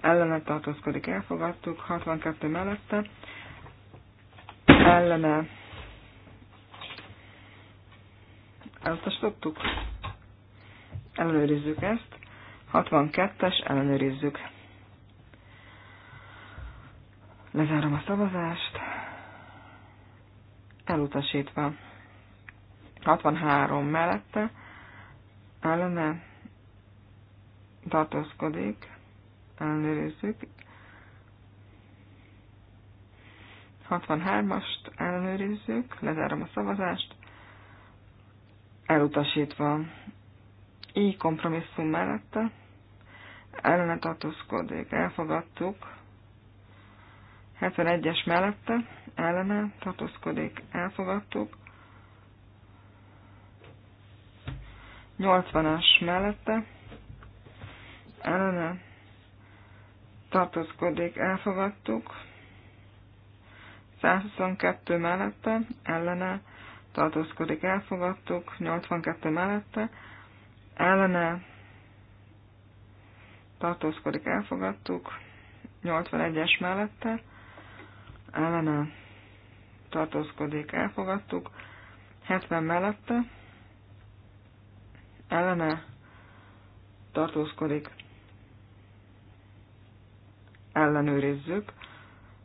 ellene tartózkodik, elfogadtuk. 62 mellette ellene elutasítottuk. Ellenőrizzük ezt. 62-es, ellenőrizzük. Lezárom a szavazást. Elutasítva. 63 mellette ellene tartózkodik, ellenőrizzük. 63-ast ellenőrizzük, lezárom a szavazást, elutasítva. Így kompromisszum mellette ellene tartózkodik, elfogadtuk. 71-es mellette ellene tartózkodik, elfogadtuk. 80-as mellette ellene tartózkodik, elfogadtuk. 122 mellette ellene tartózkodik, elfogadtuk. 82 mellette ellene tartózkodik, elfogadtuk. 81-es mellette ellene tartózkodik, elfogadtuk. 70 mellette ellene tartózkodik, ellenőrizzük.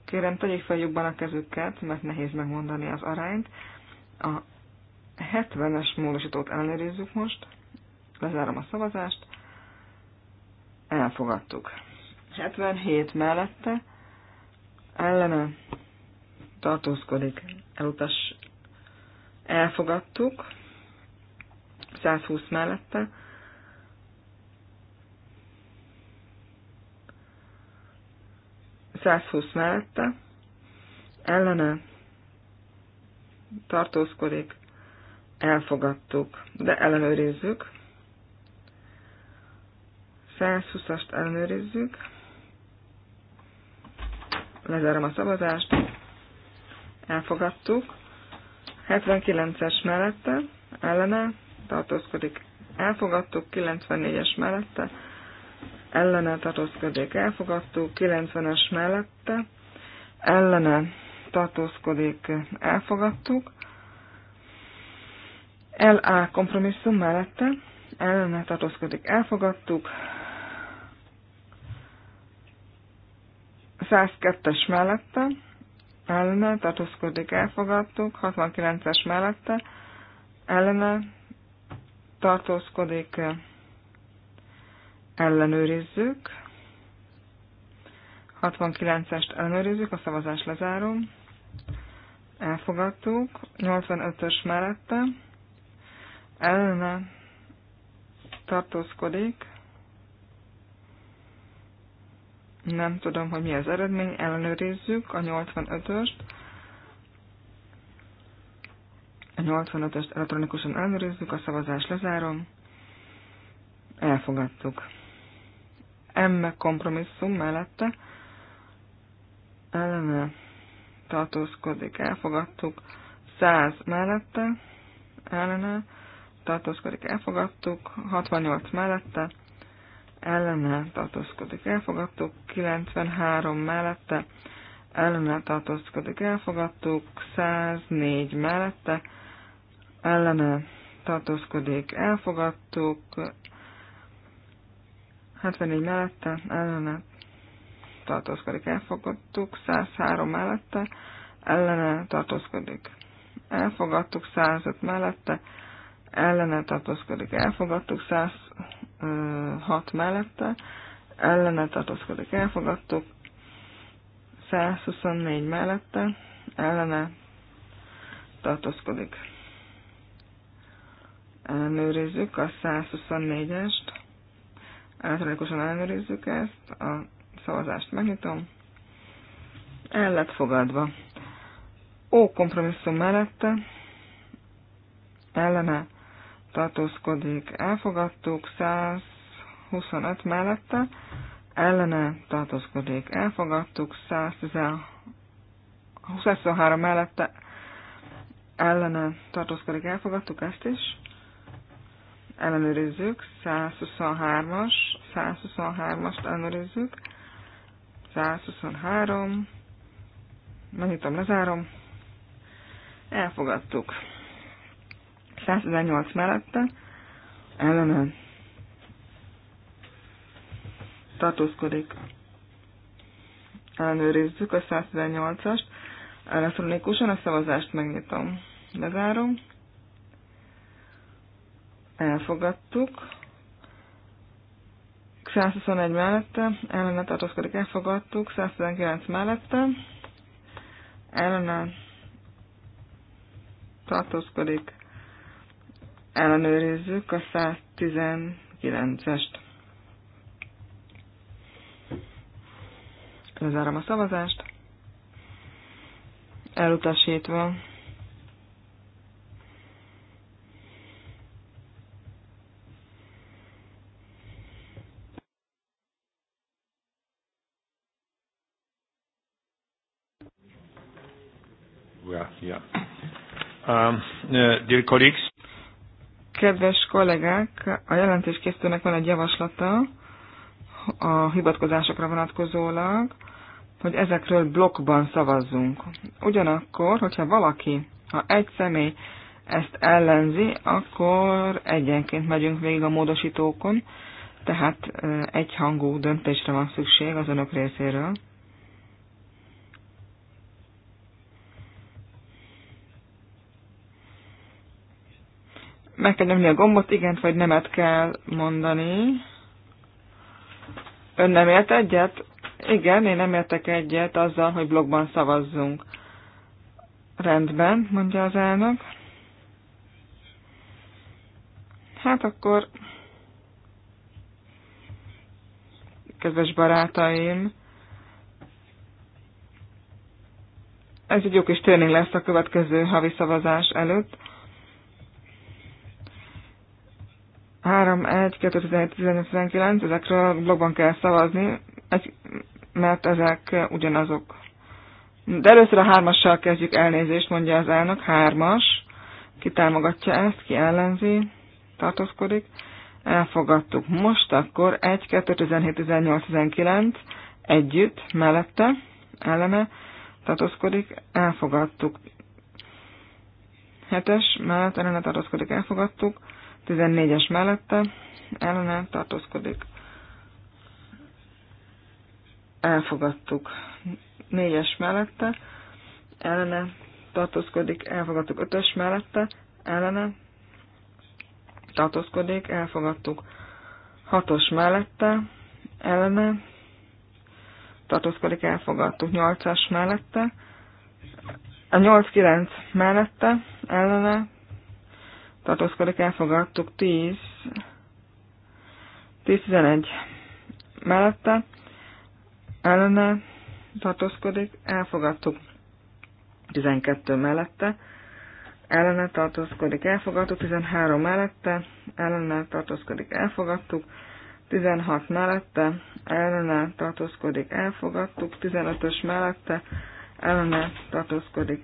Kérem, tegyék fel jobban a kezüket, mert nehéz megmondani az arányt. A 70-es módosítót ellenőrizzük most. Lezárom a szavazást elfogadtuk. 77 mellette ellene tartózkodik, elutas elfogadtuk, 120 mellette, ...120 mellette, ellene tartózkodik, elfogadtuk, de ellenőrizzük. 120-ast ellenőrizzük. Lezárom a szavazást. Elfogadtuk. 79-es mellette, ellene, tartózkodik. Elfogadtuk. 94-es mellette, ellene tartózkodik. Elfogadtuk. 90-es mellette, ellene tartózkodik. Elfogadtuk. LA kompromisszum mellette, ellene tartózkodik. Elfogadtuk. 102-es mellette, ellene tartózkodik, elfogadtuk, 69-es mellette, ellene tartózkodik, ellenőrizzük, 69-est ellenőrizzük, a szavazást lezárom, elfogadtuk, 85-ös mellette, ellene tartózkodik, Nem tudom, hogy mi az eredmény, ellenőrizzük a 85-öst. A 85-öst elektronikusan ellenőrizzük, a szavazást lezárom. Elfogadtuk. M kompromisszum mellette ellene tartózkodik, elfogadtuk. 100 mellette ellene tartózkodik, elfogadtuk. 68 mellette ellene tartózkodik, elfogadtuk, 93 mellette ellene tartózkodik, elfogadtuk, 104 mellette ellene tartózkodik, elfogadtuk, 74 mellette ellene tartózkodik, elfogadtuk, 103 mellette ellene tartózkodik, elfogadtuk, 105 mellette ellene tartózkodik, elfogadtuk, 100 hat mellette, ellene tartózkodik, elfogadtuk, 124 mellette, ellene tartózkodik. Ellenőrizzük a 124-est, elektronikusan ellenőrizzük ezt, a szavazást megnyitom, el lett fogadva. Ó kompromisszum mellette, ellene tartózkodik, elfogadtuk, 125 mellette, ellene tartózkodik, elfogadtuk, 123 mellette, ellene tartózkodik, elfogadtuk ezt is, ellenőrizzük, 123-as, 123-ast ellenőrizzük, 123, megnyitom, lezárom, elfogadtuk. 118 mellette ellene tartózkodik. Ellenőrizzük a 118-ast. Elektronikusan a szavazást megnyitom. Lezárom. Elfogadtuk. 121 mellette, ellene tartózkodik, elfogadtuk. 119 mellette, ellene tartózkodik, ellenőrizzük a 119-est. Lezárom a szavazást. Elutasítva. Yeah, yeah. Um, uh, dear colleagues, Kedves kollégák, a jelentéskészítőnek van egy javaslata a hivatkozásokra vonatkozólag, hogy ezekről blokkban szavazzunk. Ugyanakkor, hogyha valaki, ha egy személy ezt ellenzi, akkor egyenként megyünk végig a módosítókon, tehát egyhangú döntésre van szükség az önök részéről. meg kell nyomni a gombot, igent vagy nemet kell mondani. Ön nem ért egyet? Igen, én nem értek egyet azzal, hogy blogban szavazzunk. Rendben, mondja az elnök. Hát akkor, kedves barátaim, ez egy jó kis tréning lesz a következő havi szavazás előtt. 3-1-2019, ezekről blogban kell szavazni, egy, mert ezek ugyanazok. De először a hármassal kezdjük elnézést, mondja az elnök, hármas. Ki támogatja ezt, ki ellenzi, tartózkodik. Elfogadtuk. Most akkor 1, 2, 17, 18, 19 együtt, mellette, ellene, tartózkodik, elfogadtuk. 7-es, mellett ellene tartózkodik, elfogadtuk. 14-es mellette ellene tartózkodik. Elfogadtuk. 4-es mellette ellene tartózkodik, elfogadtuk. 5-ös mellette ellene tartózkodik, elfogadtuk. 6-os mellette ellene tartózkodik, elfogadtuk. 8-as mellette a 8-9 mellette ellene tartózkodik, elfogadtuk 10, 10-11 mellette, ellene tartózkodik, elfogadtuk 12 mellette, ellene tartózkodik, elfogadtuk 13 mellette, ellene tartózkodik, elfogadtuk 16 mellette, ellene tartózkodik, elfogadtuk 15-ös mellette, ellene tartózkodik,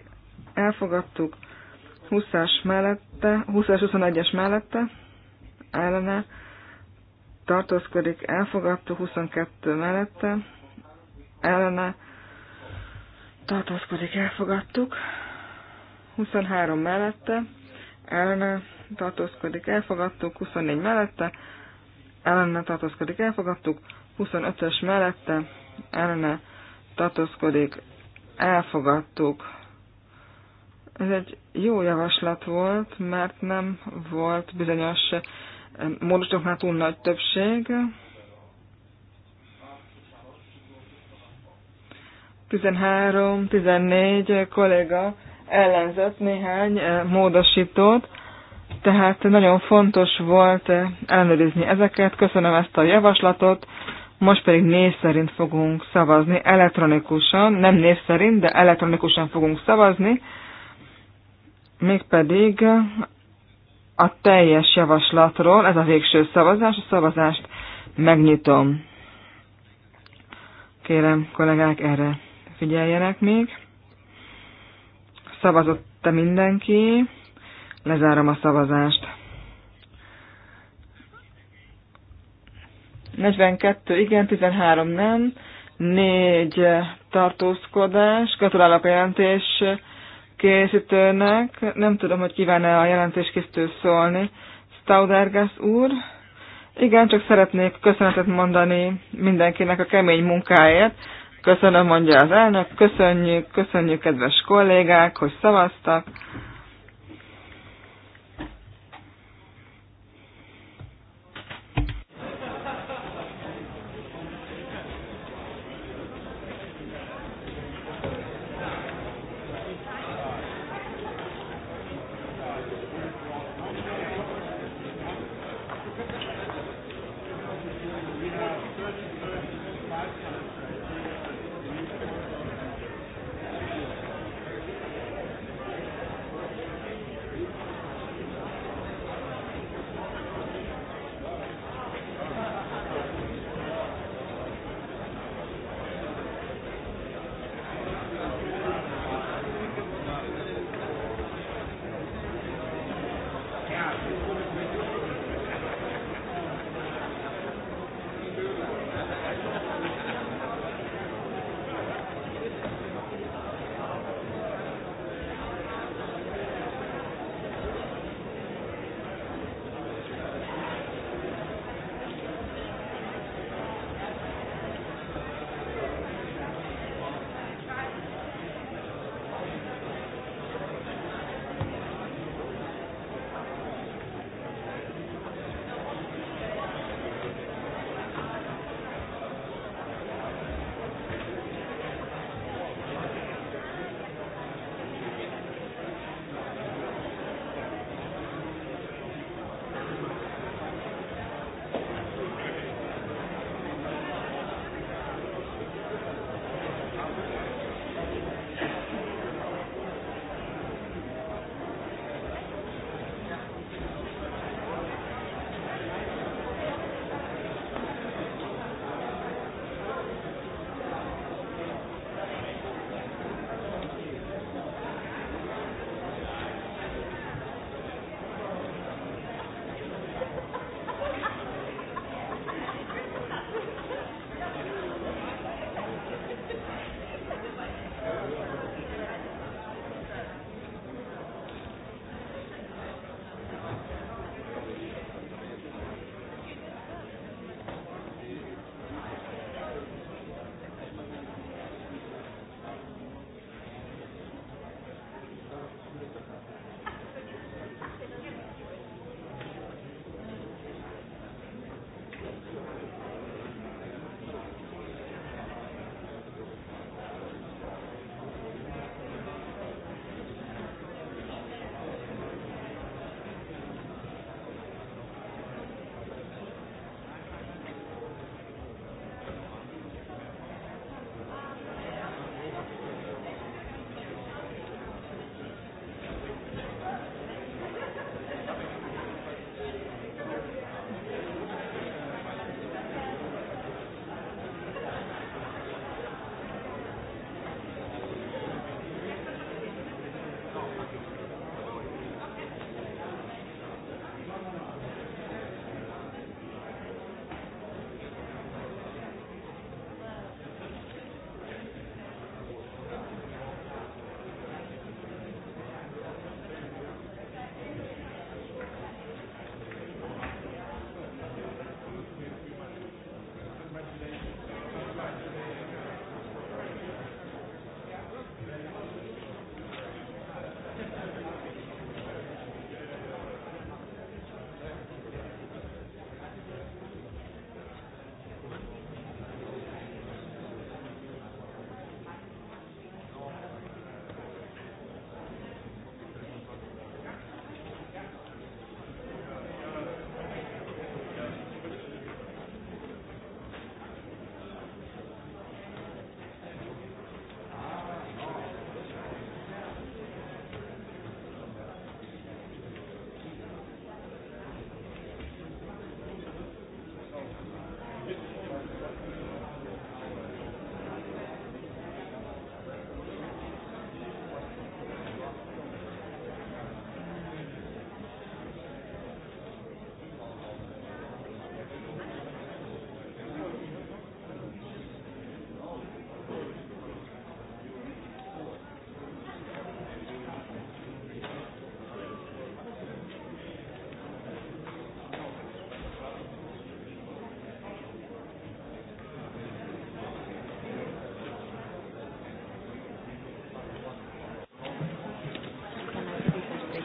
elfogadtuk 20-as mellette, 20-as 21-es mellette ellene tartózkodik, elfogadta 22 mellette ellene tartózkodik, elfogadtuk 23 mellette ellene tartózkodik, elfogadtuk 24 mellette ellene tartózkodik, elfogadtuk 25-ös mellette ellene tartózkodik, elfogadtuk ez egy jó javaslat volt, mert nem volt bizonyos módosítóknál túl nagy többség. 13-14 kolléga ellenzett néhány eh, módosítót, tehát nagyon fontos volt eh, ellenőrizni ezeket. Köszönöm ezt a javaslatot, most pedig név szerint fogunk szavazni elektronikusan, nem név szerint, de elektronikusan fogunk szavazni mégpedig a teljes javaslatról, ez a végső szavazás, a szavazást megnyitom. Kérem, kollégák, erre figyeljenek még. Szavazott-e mindenki? Lezárom a szavazást. 42 igen, 13 nem, 4 tartózkodás. Gratulálok a jelentés készítőnek. Nem tudom, hogy kíván-e a készítő szólni. Staudergas úr. Igen, csak szeretnék köszönetet mondani mindenkinek a kemény munkáért. Köszönöm, mondja az elnök. Köszönjük, köszönjük, kedves kollégák, hogy szavaztak.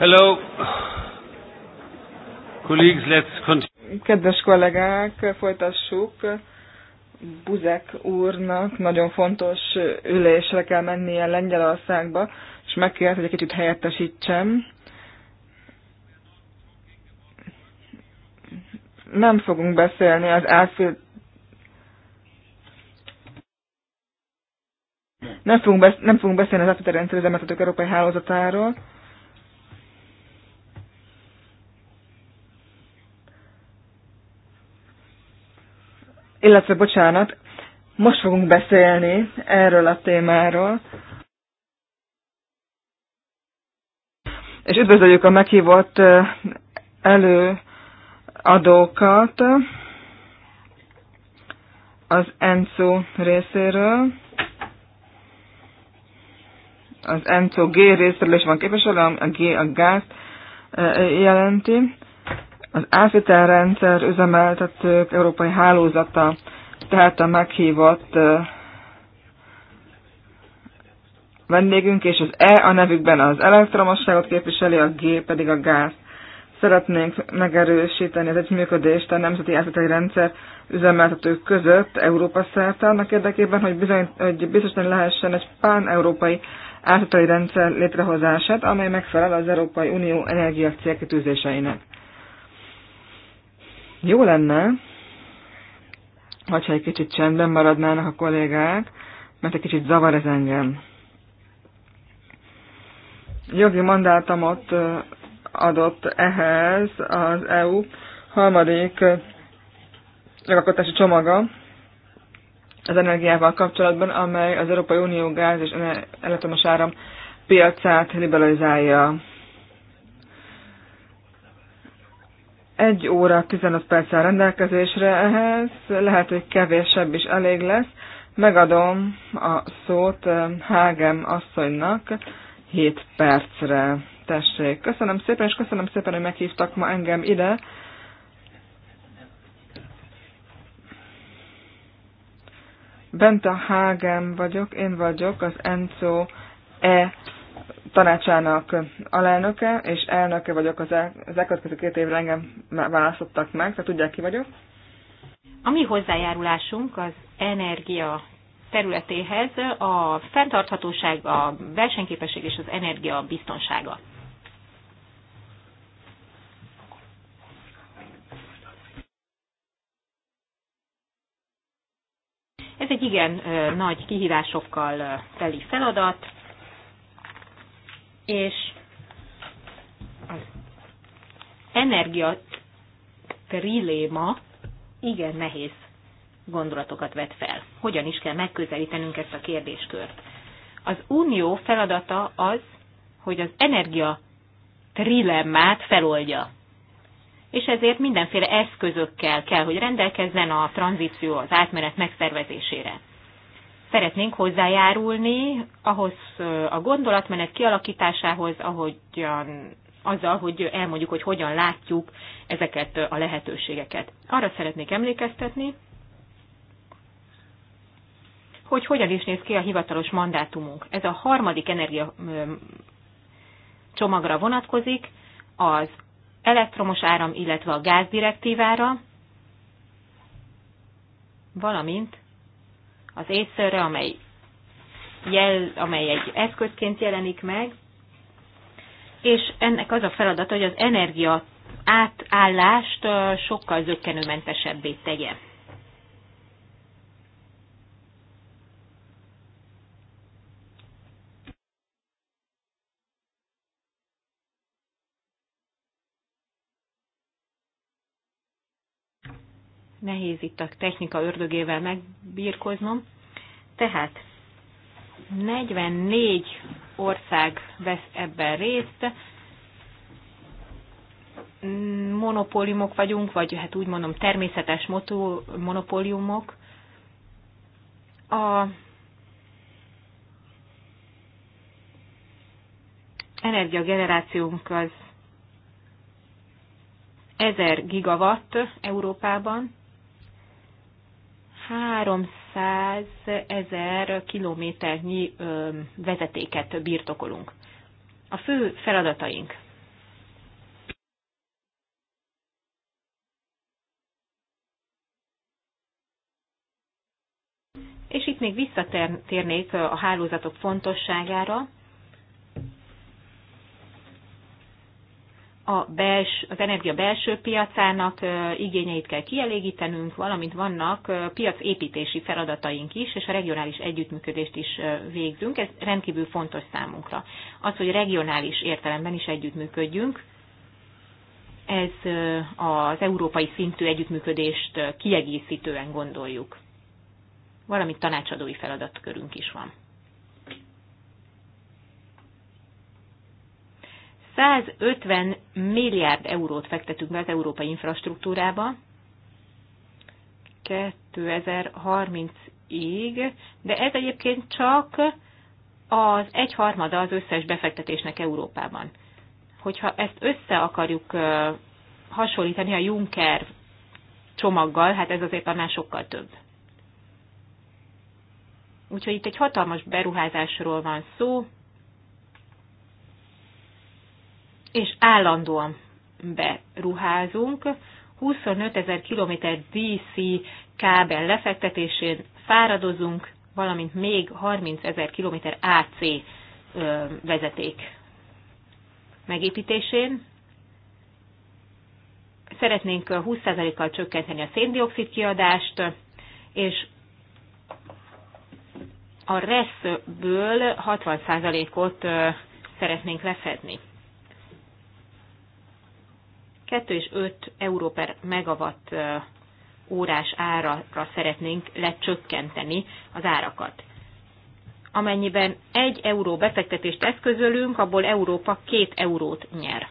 Hello. Colleagues, let's continue. Kedves kollégák, folytassuk. Buzek úrnak nagyon fontos ülésre kell mennie Lengyelországba, és megkért, hogy egy kicsit helyettesítsem. Nem fogunk beszélni az elfő nem fogunk, besz- nem fogunk beszélni az átvételrendszerű üzemeltetők európai hálózatáról. illetve bocsánat, most fogunk beszélni erről a témáról. És üdvözöljük a meghívott előadókat az ENCO részéről. Az ENCO G részéről is van képviselő, a G a gáz jelenti. Az átvitelrendszer üzemeltetők európai hálózata, tehát a meghívott vendégünk, és az E a nevükben az elektromosságot képviseli, a G pedig a gáz. Szeretnénk megerősíteni az együttműködést a Nemzeti Átviteli Rendszer üzemeltetők között Európa szerte annak érdekében, hogy, bizony, hogy biztosan lehessen egy pán-európai átviteli rendszer létrehozását, amely megfelel az Európai Unió energia célkitűzéseinek. Jó lenne, ha egy kicsit csendben maradnának a kollégák, mert egy kicsit zavar ez engem. Jogi mandátumot adott ehhez az EU harmadik jogalkotási csomaga az energiával kapcsolatban, amely az Európai Unió gáz és elektromos áram piacát liberalizálja. Egy óra 15 perc a rendelkezésre ehhez, lehet, hogy kevésebb is elég lesz. Megadom a szót eh, Hágem asszonynak 7 percre. Tessék, köszönöm szépen, és köszönöm szépen, hogy meghívtak ma engem ide. Bent a Hágem vagyok, én vagyok az Enzo E tanácsának alelnöke, és elnöke vagyok az, el, az elkövetkező két évre engem választottak meg, tehát tudják ki vagyok. A mi hozzájárulásunk az energia területéhez a fenntarthatóság, a versenyképesség és az energia biztonsága. Ez egy igen nagy kihívásokkal teli feladat, és az energia triléma igen nehéz gondolatokat vet fel. Hogyan is kell megközelítenünk ezt a kérdéskört? Az unió feladata az, hogy az energia trilemmát feloldja. És ezért mindenféle eszközökkel kell, hogy rendelkezzen a tranzíció, az átmenet megszervezésére. Szeretnénk hozzájárulni ahhoz a gondolatmenet kialakításához, ahogy azzal, hogy elmondjuk, hogy hogyan látjuk ezeket a lehetőségeket. Arra szeretnék emlékeztetni, hogy hogyan is néz ki a hivatalos mandátumunk. Ez a harmadik energia csomagra vonatkozik, az elektromos áram, illetve a gázdirektívára, valamint az észre, amely, jel, amely egy eszközként jelenik meg, és ennek az a feladata, hogy az energia átállást sokkal zöggenőmentesebbé tegye. nehéz itt a technika ördögével megbírkoznom. Tehát 44 ország vesz ebben részt, monopóliumok vagyunk, vagy hát úgy mondom természetes motó, monopóliumok. A energiagenerációnk az 1000 gigawatt Európában, 300 ezer kilométernyi vezetéket birtokolunk. A fő feladataink És itt még visszatérnék a hálózatok fontosságára, a bels, az energia belső piacának igényeit kell kielégítenünk, valamint vannak piacépítési feladataink is, és a regionális együttműködést is végzünk. Ez rendkívül fontos számunkra. Az, hogy regionális értelemben is együttműködjünk, ez az európai szintű együttműködést kiegészítően gondoljuk. Valamint tanácsadói feladatkörünk is van. 150 milliárd eurót fektetünk be az európai infrastruktúrába 2030-ig, de ez egyébként csak az egyharmada az összes befektetésnek Európában. Hogyha ezt össze akarjuk hasonlítani a Juncker csomaggal, hát ez azért annál sokkal több. Úgyhogy itt egy hatalmas beruházásról van szó, és állandóan beruházunk. 25 ezer kilométer DC kábel lefektetésén fáradozunk, valamint még 30 ezer kilométer AC vezeték megépítésén. Szeretnénk 20%-kal csökkenteni a széndiokszid kiadást, és a reszből 60%-ot szeretnénk lefedni. 2 és 5 euró per megawatt órás árakra szeretnénk lecsökkenteni az árakat. Amennyiben 1 euró befektetést eszközölünk, abból Európa 2 eurót nyer.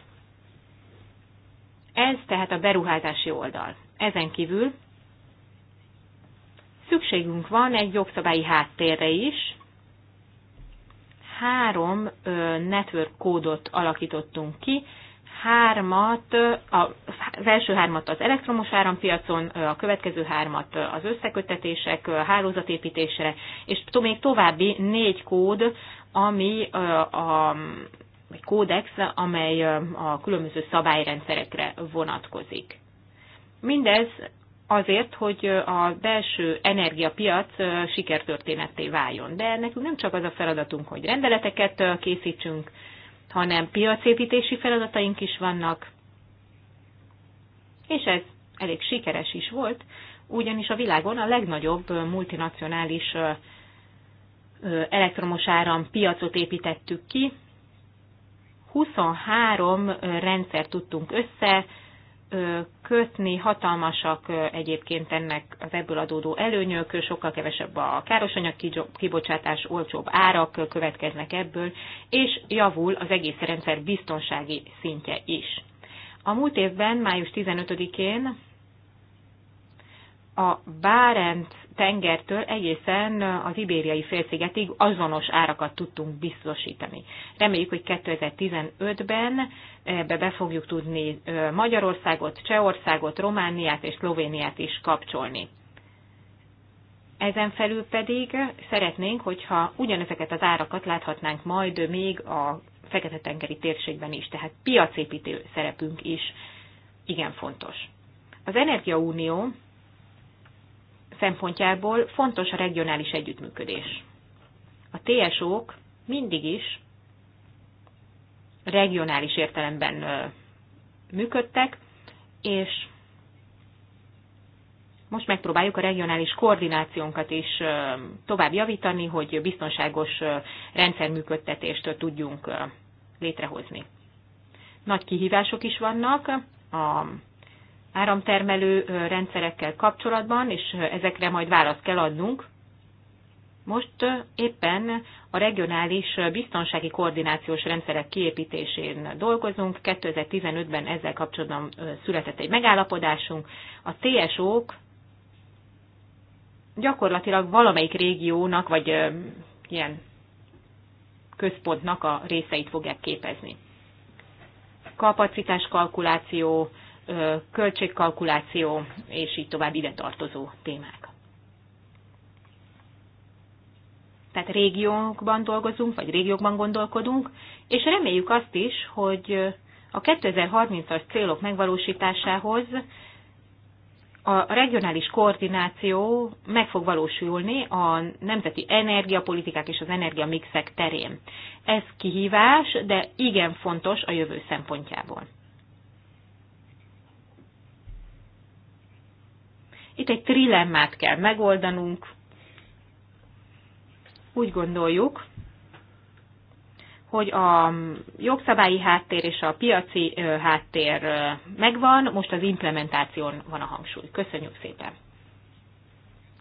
Ez tehát a beruházási oldal. Ezen kívül szükségünk van egy jogszabályi háttérre is. Három network kódot alakítottunk ki, hármat, az első hármat az elektromos árampiacon, a következő hármat az összekötetések, hálózatépítésre, és még további négy kód, ami a egy kódex, amely a különböző szabályrendszerekre vonatkozik. Mindez azért, hogy a belső energiapiac sikertörténetté váljon. De nekünk nem csak az a feladatunk, hogy rendeleteket készítsünk, hanem piacépítési feladataink is vannak, és ez elég sikeres is volt, ugyanis a világon a legnagyobb multinacionális elektromos áram piacot építettük ki, 23 rendszer tudtunk össze kötni, hatalmasak egyébként ennek az ebből adódó előnyök, sokkal kevesebb a károsanyag kibocsátás, olcsóbb árak következnek ebből, és javul az egész rendszer biztonsági szintje is. A múlt évben, május 15-én a Bárent tengertől egészen az ibériai félszigetig azonos árakat tudtunk biztosítani. Reméljük, hogy 2015-ben ebbe be fogjuk tudni Magyarországot, Csehországot, Romániát és Szlovéniát is kapcsolni. Ezen felül pedig szeretnénk, hogyha ugyanezeket az árakat láthatnánk majd még a Fekete-tengeri térségben is, tehát piacépítő szerepünk is igen fontos. Az Energiaunió szempontjából fontos a regionális együttműködés. A TSO-k mindig is regionális értelemben működtek, és most megpróbáljuk a regionális koordinációnkat is tovább javítani, hogy biztonságos rendszerműködtetést tudjunk létrehozni. Nagy kihívások is vannak a áramtermelő rendszerekkel kapcsolatban, és ezekre majd választ kell adnunk. Most éppen a regionális biztonsági koordinációs rendszerek kiépítésén dolgozunk. 2015-ben ezzel kapcsolatban született egy megállapodásunk. A TSO-k gyakorlatilag valamelyik régiónak, vagy ilyen központnak a részeit fogják képezni. Kapacitáskalkuláció, költségkalkuláció és így tovább ide tartozó témák. Tehát régiókban dolgozunk, vagy régiókban gondolkodunk, és reméljük azt is, hogy a 2030-as célok megvalósításához a regionális koordináció meg fog valósulni a nemzeti energiapolitikák és az energiamixek terén. Ez kihívás, de igen fontos a jövő szempontjából. Itt egy trilemmát kell megoldanunk. Úgy gondoljuk, hogy a jogszabályi háttér és a piaci háttér megvan, most az implementáción van a hangsúly. Köszönjük szépen!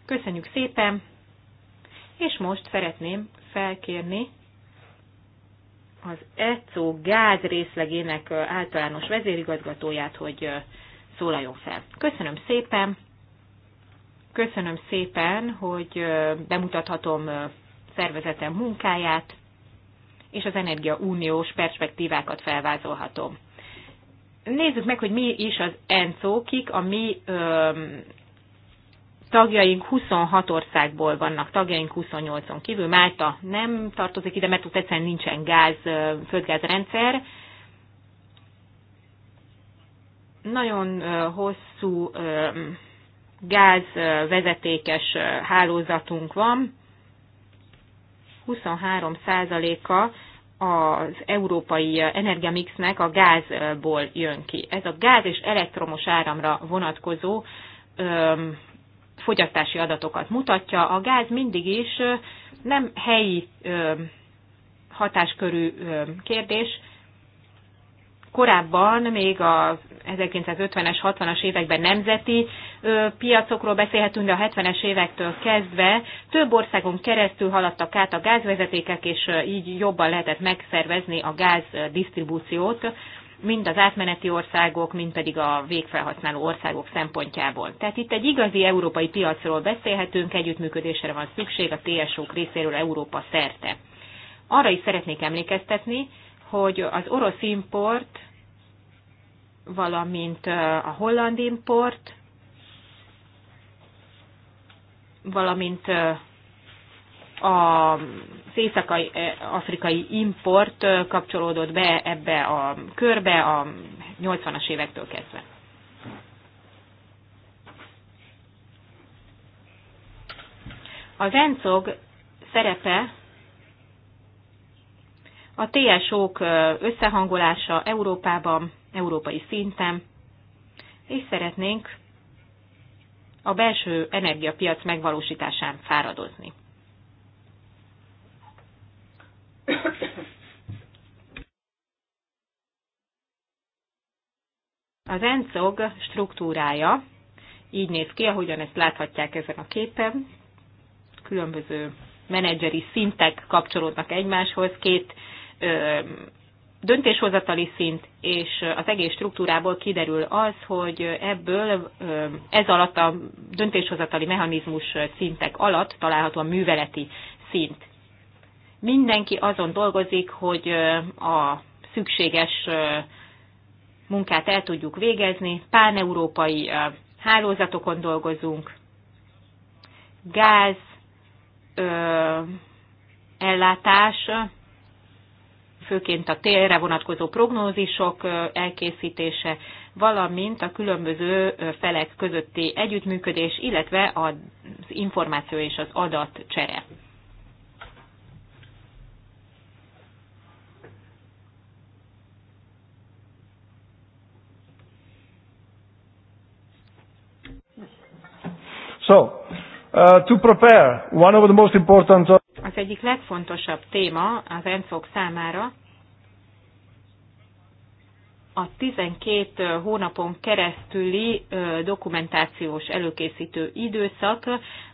Köszönjük szépen! És most szeretném felkérni az ECO gáz részlegének általános vezérigazgatóját, hogy szólaljon fel. Köszönöm szépen! Köszönöm szépen, hogy bemutathatom szervezetem munkáját, és az Energia Uniós perspektívákat felvázolhatom. Nézzük meg, hogy mi is az ENCO, kik a mi tagjaink 26 országból vannak, tagjaink 28-on kívül. Málta nem tartozik ide, mert ott egyszerűen nincsen gáz, földgázrendszer. Nagyon hosszú gázvezetékes hálózatunk van. 23%-a az európai energiamixnek a gázból jön ki. Ez a gáz és elektromos áramra vonatkozó öm, fogyasztási adatokat mutatja. A gáz mindig is nem helyi öm, hatáskörű öm, kérdés, Korábban még a 1950-es, 60-as években nemzeti ö, piacokról beszélhetünk, de a 70-es évektől kezdve több országon keresztül haladtak át a gázvezetékek, és így jobban lehetett megszervezni a gázdisztribúciót, mind az átmeneti országok, mind pedig a végfelhasználó országok szempontjából. Tehát itt egy igazi európai piacról beszélhetünk, együttműködésre van szükség a TSO-k részéről Európa szerte. Arra is szeretnék emlékeztetni, hogy az orosz import, valamint a holland import, valamint az északai afrikai import kapcsolódott be ebbe a körbe a 80-as évektől kezdve. Az ENCOG szerepe a TSO-k összehangolása Európában, európai szinten, és szeretnénk a belső energiapiac megvalósításán fáradozni. Az ENCOG struktúrája így néz ki, ahogyan ezt láthatják ezen a képen. Különböző menedzseri szintek kapcsolódnak egymáshoz, két döntéshozatali szint és az egész struktúrából kiderül az, hogy ebből ez alatt a döntéshozatali mechanizmus szintek alatt található a műveleti szint. Mindenki azon dolgozik, hogy a szükséges munkát el tudjuk végezni, páneurópai hálózatokon dolgozunk, gáz, ellátás, főként a télre vonatkozó prognózisok elkészítése, valamint a különböző felek közötti együttműködés, illetve az információ és az csere. So, uh, to prepare, one of the most important... Az egyik legfontosabb téma az ENFOK számára a 12 hónapon keresztüli dokumentációs előkészítő időszak,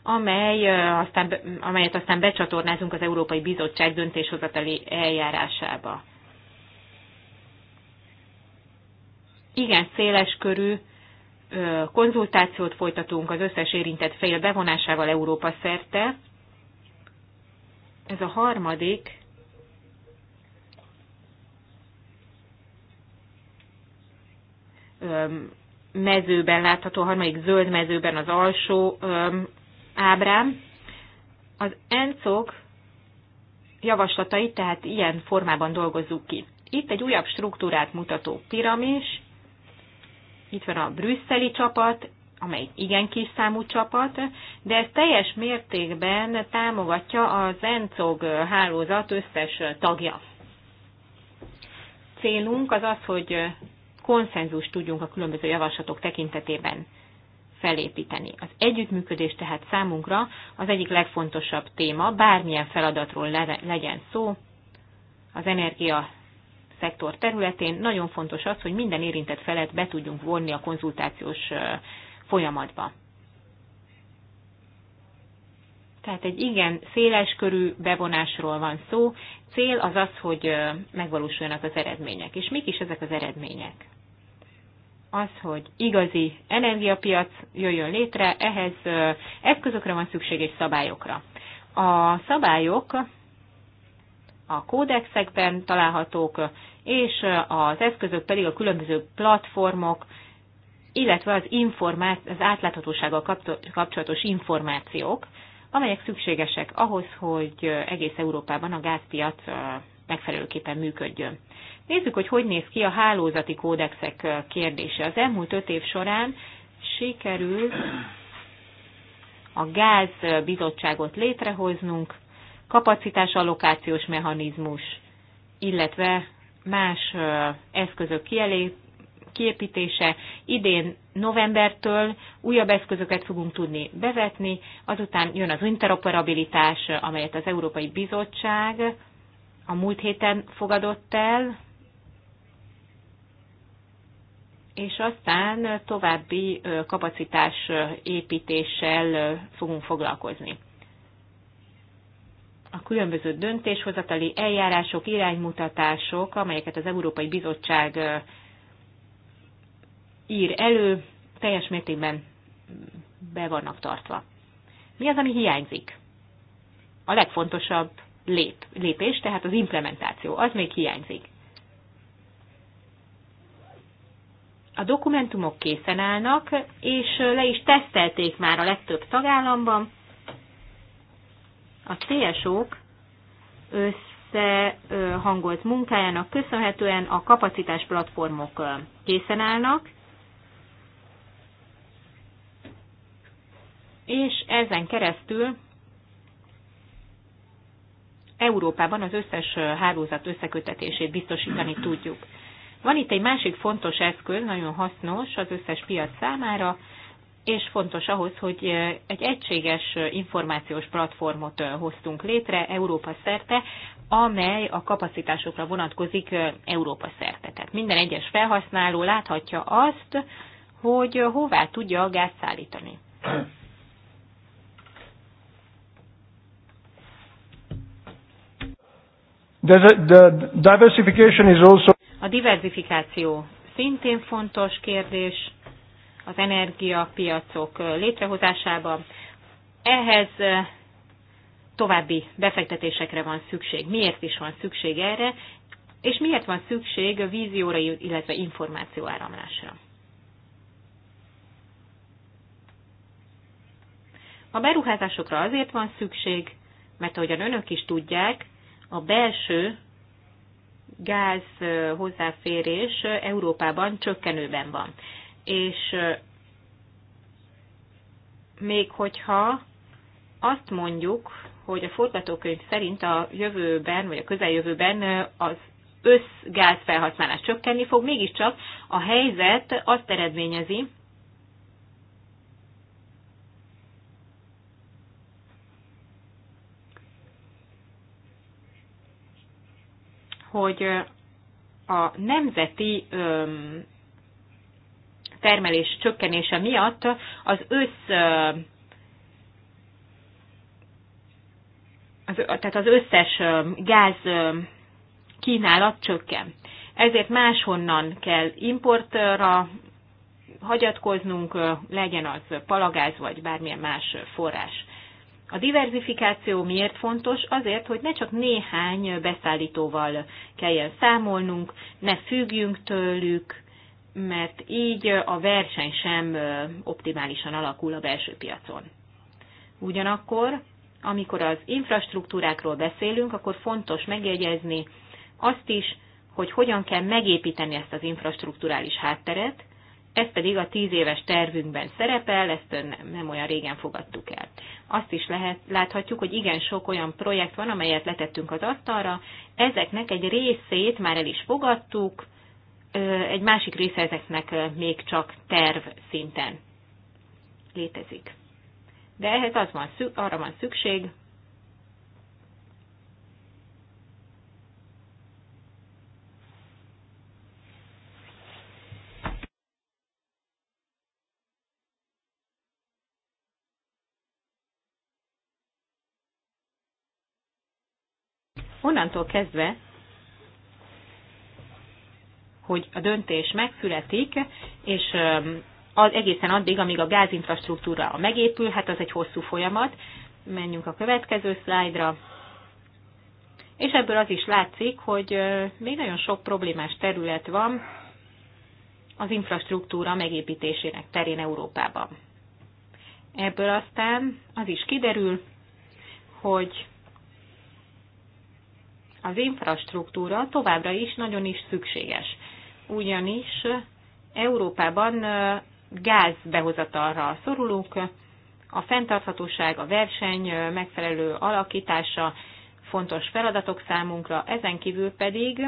amely aztán, amelyet aztán becsatornázunk az Európai Bizottság döntéshozatali eljárásába. Igen, körű konzultációt folytatunk az összes érintett fél bevonásával Európa szerte. Ez a harmadik mezőben látható, harmadik zöld mezőben az alsó ábrán. Az ENCOG javaslatait tehát ilyen formában dolgozzuk ki. Itt egy újabb struktúrát mutató piramis, itt van a brüsszeli csapat, amely igen kis számú csapat, de ez teljes mértékben támogatja az ENCOG hálózat összes tagja. Célunk az az, hogy Konszenzus tudjunk a különböző javaslatok tekintetében felépíteni. Az együttműködés tehát számunkra az egyik legfontosabb téma, bármilyen feladatról legyen szó, az energia szektor területén nagyon fontos az, hogy minden érintett felet be tudjunk vonni a konzultációs folyamatba. Tehát egy igen körű bevonásról van szó. Cél az az, hogy megvalósuljanak az eredmények. És mik is ezek az eredmények? az, hogy igazi energiapiac jöjjön létre, ehhez eszközökre van szükség és szabályokra. A szabályok a kódexekben találhatók, és az eszközök pedig a különböző platformok, illetve az, informá- az átláthatósággal kapcsolatos információk, amelyek szükségesek ahhoz, hogy egész Európában a gázpiac megfelelőképpen működjön. Nézzük, hogy hogy néz ki a hálózati kódexek kérdése. Az elmúlt öt év során sikerült a gáz bizottságot létrehoznunk, kapacitás allokációs mechanizmus, illetve más eszközök kielé, kiépítése. Idén novembertől újabb eszközöket fogunk tudni bevetni, azután jön az interoperabilitás, amelyet az Európai Bizottság a múlt héten fogadott el, és aztán további kapacitás építéssel fogunk foglalkozni. A különböző döntéshozatali eljárások, iránymutatások, amelyeket az Európai Bizottság ír elő, teljes mértékben be vannak tartva. Mi az, ami hiányzik? A legfontosabb lép, lépés, tehát az implementáció, az még hiányzik. A dokumentumok készen állnak, és le is tesztelték már a legtöbb tagállamban. A CSO-k összehangolt munkájának köszönhetően a kapacitás platformok készen állnak, és ezen keresztül Európában az összes hálózat összekötetését biztosítani tudjuk. Van itt egy másik fontos eszköz, nagyon hasznos az összes piac számára, és fontos ahhoz, hogy egy egységes információs platformot hoztunk létre Európa szerte, amely a kapacitásokra vonatkozik Európa szerte. Tehát minden egyes felhasználó láthatja azt, hogy hová tudja a gázt szállítani. The diversification is also a diversifikáció szintén fontos kérdés az energiapiacok létrehozásában. Ehhez további befektetésekre van szükség. Miért is van szükség erre, és miért van szükség vízióra, illetve információ áramlásra? A beruházásokra azért van szükség, mert ahogyan önök is tudják, a belső gáz hozzáférés Európában csökkenőben van. És még hogyha azt mondjuk, hogy a forgatókönyv szerint a jövőben, vagy a közeljövőben az összgázfelhasználás csökkenni fog, mégiscsak a helyzet azt eredményezi, hogy a nemzeti termelés csökkenése miatt az össz az, tehát az összes gáz kínálat csökken. Ezért máshonnan kell importra hagyatkoznunk, legyen az palagáz vagy bármilyen más forrás. A diverzifikáció miért fontos? Azért, hogy ne csak néhány beszállítóval kelljen számolnunk, ne függjünk tőlük, mert így a verseny sem optimálisan alakul a belső piacon. Ugyanakkor, amikor az infrastruktúrákról beszélünk, akkor fontos megjegyezni azt is, hogy hogyan kell megépíteni ezt az infrastruktúrális hátteret, ez pedig a tíz éves tervünkben szerepel, ezt nem olyan régen fogadtuk el. Azt is lehet, láthatjuk, hogy igen sok olyan projekt van, amelyet letettünk az asztalra. Ezeknek egy részét már el is fogadtuk, egy másik része ezeknek még csak terv szinten létezik. De ehhez az van, arra van szükség, onnantól kezdve, hogy a döntés megszületik, és az egészen addig, amíg a gázinfrastruktúra megépül, hát az egy hosszú folyamat. Menjünk a következő szlájdra. És ebből az is látszik, hogy még nagyon sok problémás terület van az infrastruktúra megépítésének terén Európában. Ebből aztán az is kiderül, hogy az infrastruktúra továbbra is nagyon is szükséges. Ugyanis Európában gázbehozatalra szorulunk, a fenntarthatóság, a verseny megfelelő alakítása fontos feladatok számunkra, ezen kívül pedig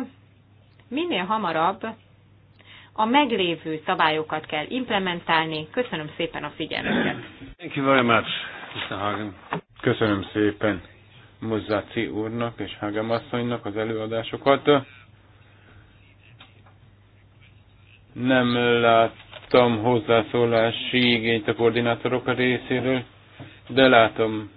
minél hamarabb a meglévő szabályokat kell implementálni. Köszönöm szépen a figyelmüket. Thank you very much, Mr. Hagen. Köszönöm szépen. Mozzáci úrnak és Hágem asszonynak az előadásokat. Nem láttam hozzászólási igényt a koordinátorok a részéről, de látom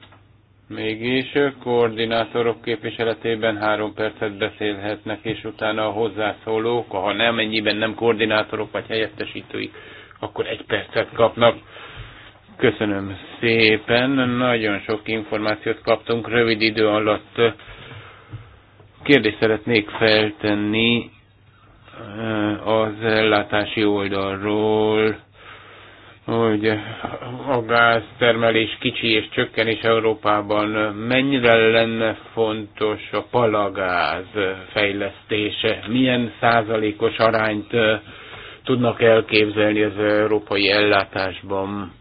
mégis koordinátorok képviseletében három percet beszélhetnek, és utána a hozzászólók, ha nem ennyiben nem koordinátorok vagy helyettesítőik, akkor egy percet kapnak. Köszönöm szépen, nagyon sok információt kaptunk rövid idő alatt. Kérdést szeretnék feltenni eh, az ellátási oldalról, hogy a gáztermelés kicsi és csökken és Európában mennyire lenne fontos a palagáz fejlesztése, milyen százalékos arányt eh, tudnak elképzelni az európai ellátásban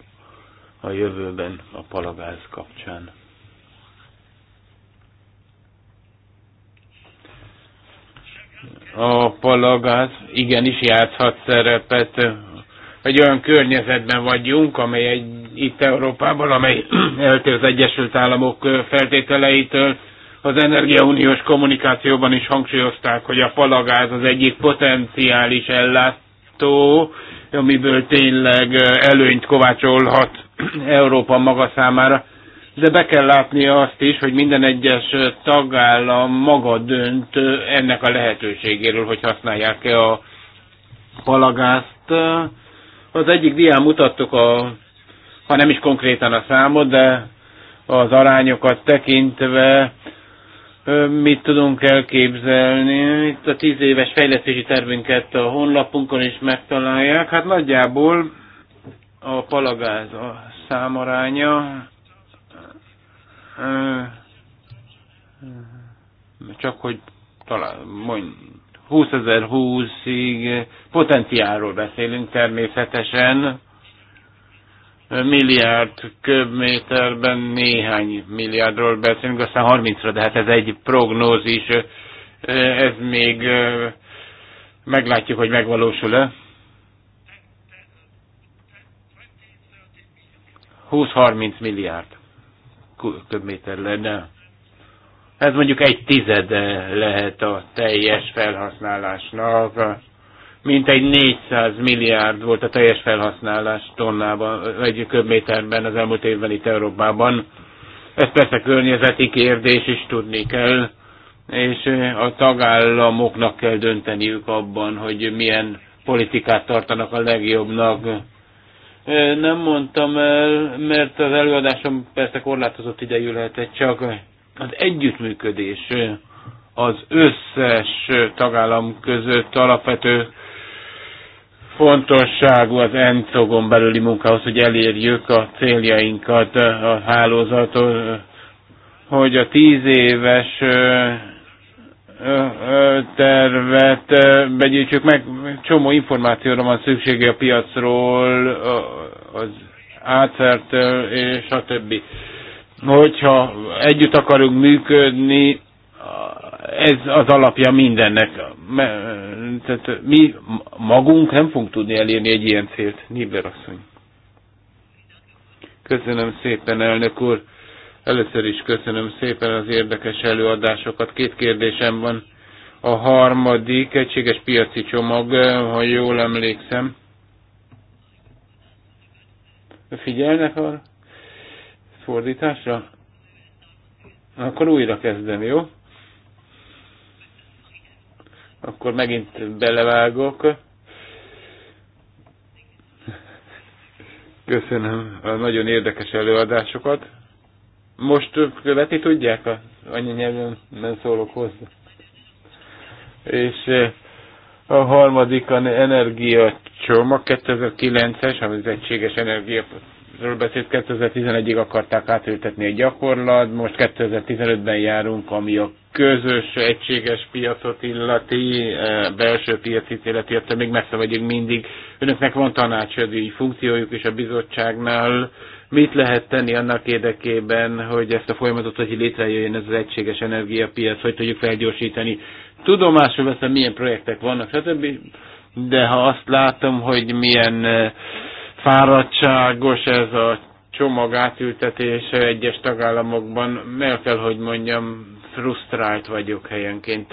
a jövőben a palagáz kapcsán. A palagáz igenis játszhat szerepet. Egy olyan környezetben vagyunk, amely egy, itt Európában, amely *clears throat* eltér az Egyesült Államok feltételeitől. Az energiauniós kommunikációban is hangsúlyozták, hogy a palagáz az egyik potenciális ellátó, amiből tényleg előnyt kovácsolhat Európa maga számára, de be kell látni azt is, hogy minden egyes tagállam maga dönt ennek a lehetőségéről, hogy használják-e a palagázt. Az egyik dián mutattuk, a, ha nem is konkrétan a számot, de az arányokat tekintve mit tudunk elképzelni. Itt a tíz éves fejlesztési tervünket a honlapunkon is megtalálják. Hát nagyjából a palagáz a számaránya csak hogy talán mondj, 20 20-ig potenciálról beszélünk természetesen, milliárd köbméterben néhány milliárdról beszélünk, aztán 30-ra, de hát ez egy prognózis, ez még meglátjuk, hogy megvalósul-e. 20-30 milliárd köbméter lenne. Ez mondjuk egy tizede lehet a teljes felhasználásnak. Mint egy 400 milliárd volt a teljes felhasználás tonnában, egy köbméterben az elmúlt évben itt Európában. Ez persze környezeti kérdés is tudni kell, és eh, a tagállamoknak kell dönteniük abban, hogy milyen politikát tartanak a legjobbnak nem mondtam el, mert az előadásom persze korlátozott idejű lehetett, csak az együttműködés az összes tagállam között alapvető fontosságú az ENCOG-on belüli munkához, hogy elérjük a céljainkat, a hálózatot, hogy a tíz éves tervet begyűjtsük meg. Csomó információra van szüksége a piacról, az átszertől és a többi. Hogyha együtt akarunk működni, ez az alapja mindennek. Tehát mi magunk nem fogunk tudni elérni egy ilyen célt, Nibler asszony. Köszönöm szépen, elnök úr. Először is köszönöm szépen az érdekes előadásokat. Két kérdésem van. A harmadik egységes piaci csomag, ha jól emlékszem. Figyelnek a fordításra? Akkor újra kezdem, jó? Akkor megint belevágok. Köszönöm a nagyon érdekes előadásokat. Most követi tudják a nem szólok hozzá. És a harmadik a energia csomag 2009-es, amit egységes energia beszélt, 2011-ig akarták átültetni a gyakorlat, most 2015-ben járunk, ami a közös, egységes piacot illeti, belső piacit illeti, ettől még messze vagyunk mindig. Önöknek van tanácsadói funkciójuk is a bizottságnál, mit lehet tenni annak érdekében, hogy ezt a folyamatot, hogy létrejöjjön ez az egységes energiapiac, hogy tudjuk felgyorsítani. Tudomásul veszem, milyen projektek vannak, stb. De ha azt látom, hogy milyen eh, fáradtságos ez a csomag átültetése egyes tagállamokban, meg kell, hogy mondjam, frusztrált vagyok helyenként.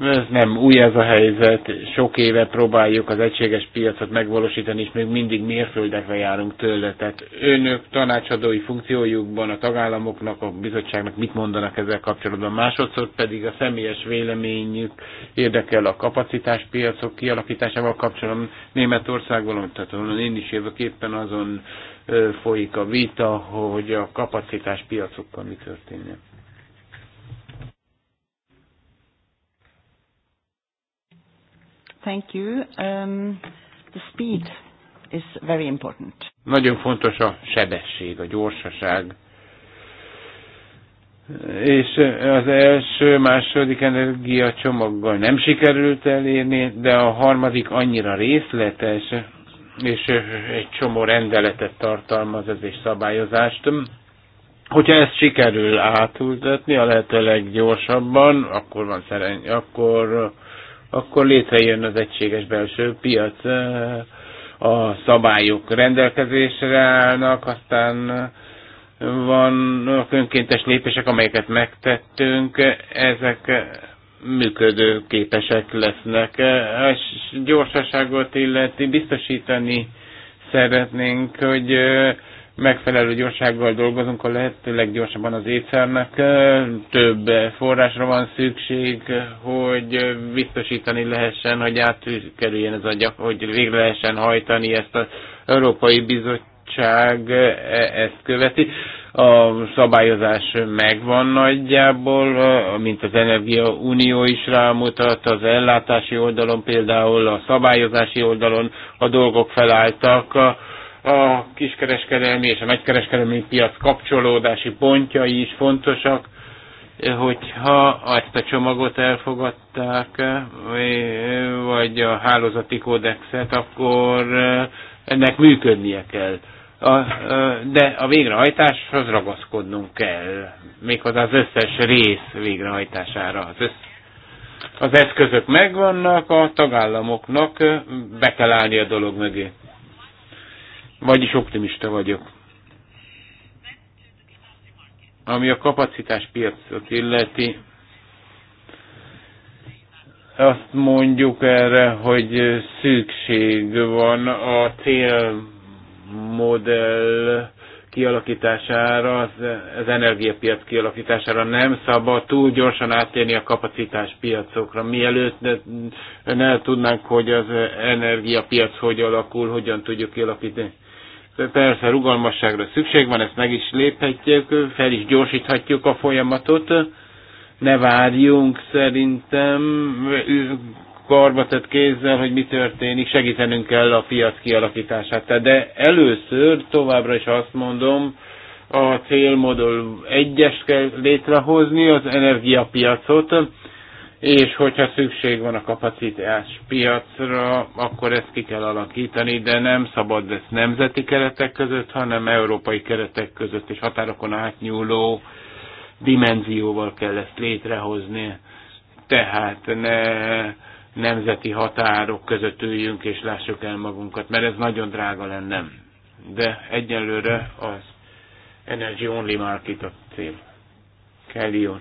Ez nem új ez a helyzet, sok éve próbáljuk az egységes piacot megvalósítani, és még mindig mérföldekre járunk tőle. Tehát önök tanácsadói funkciójukban, a tagállamoknak, a bizottságnak mit mondanak ezzel kapcsolatban. Másodszor pedig a személyes véleményük érdekel a kapacitáspiacok kialakításával kapcsolatban. Németországban, tehát onnan én is jövök éppen azon folyik a vita, hogy a kapacitáspiacokkal mi történjen. Thank you. Um, the speed is very important. Nagyon fontos a sebesség, a gyorsaság. És az első, második energia csomaggal nem sikerült elérni, de a harmadik annyira részletes, és egy csomó rendeletet tartalmaz ez és szabályozást. Hogyha ezt sikerül átültetni a lehető leggyorsabban, akkor van szerencsé, akkor akkor létrejön az egységes belső piac, eh, a szabályok rendelkezésre állnak, aztán eh, a önkéntes lépések, amelyeket megtettünk, ezek működőképesek lesznek. A eh, gyorsaságot illeti biztosítani szeretnénk, hogy megfelelő gyorsággal dolgozunk a lehető leggyorsabban az étszernek. Több forrásra van szükség, hogy biztosítani lehessen, hogy átkerüljen ez a gyak, hogy végre lehessen hajtani ezt az Európai Bizottság e, ezt követi. A szabályozás megvan nagyjából, mint az Energia Unió is rámutat, az ellátási oldalon például, a szabályozási oldalon a dolgok felálltak, a kiskereskedelmi és a nagykereskedelmi piac kapcsolódási pontjai is fontosak, hogyha ezt a csomagot elfogadták, vagy a hálózati kódexet, akkor eh, ennek működnie kell. A, eh, de a végrehajtáshoz ragaszkodnunk kell, méghozzá az összes rész végrehajtására. Az, össz, az eszközök megvannak, a tagállamoknak eh, be kell állni a dolog mögé vagyis optimista vagyok. Ami a kapacitás piacot illeti, azt mondjuk erre, hogy szükség van a célmodell kialakítására, az, az energiapiac kialakítására nem szabad túl gyorsan áttérni a kapacitás piacokra. Mielőtt ne, ne tudnánk, hogy az energiapiac hogy alakul, hogyan tudjuk kialakítani. Persze rugalmasságra szükség van, ezt meg is léphetjük, fel is gyorsíthatjuk a folyamatot. Ne várjunk szerintem karba tett kézzel, hogy mi történik, segítenünk kell a piac kialakítását. De először továbbra is azt mondom, a célmodul egyes kell létrehozni az energiapiacot, és hogyha szükség van a kapacitás piacra, akkor ezt ki kell alakítani, de nem szabad ezt nemzeti keretek között, hanem európai keretek között és határokon átnyúló dimenzióval kell ezt létrehozni. Tehát ne nemzeti határok között üljünk és lássuk el magunkat, mert ez nagyon drága lenne. De egyelőre az Energy Only Market a cél. Kelly úr.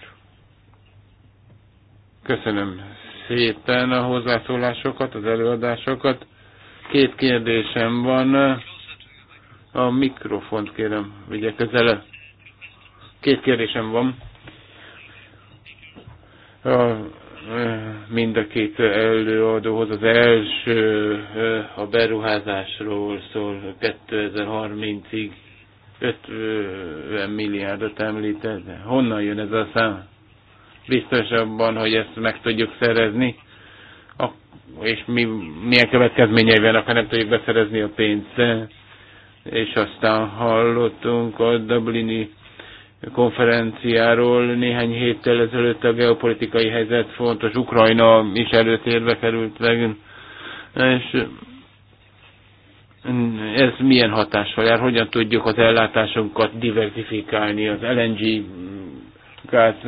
Köszönöm szépen a hozzászólásokat, az előadásokat. Két kérdésem van. A mikrofont kérem, vigye közele. Két kérdésem van. A, e, mind a két előadóhoz. Az első e, a beruházásról szól 2030-ig 50 milliárdot említett. Honnan jön ez a szám? biztosabban, hogy ezt meg tudjuk szerezni, és mi, milyen következményei vannak, ha nem tudjuk beszerezni a pénzt. És aztán hallottunk a Dublini konferenciáról néhány héttel ezelőtt a geopolitikai helyzet fontos, Ukrajna is előtérbe került meg, és ez milyen hatással jár, hogyan tudjuk az ellátásunkat diversifikálni, az LNG munkát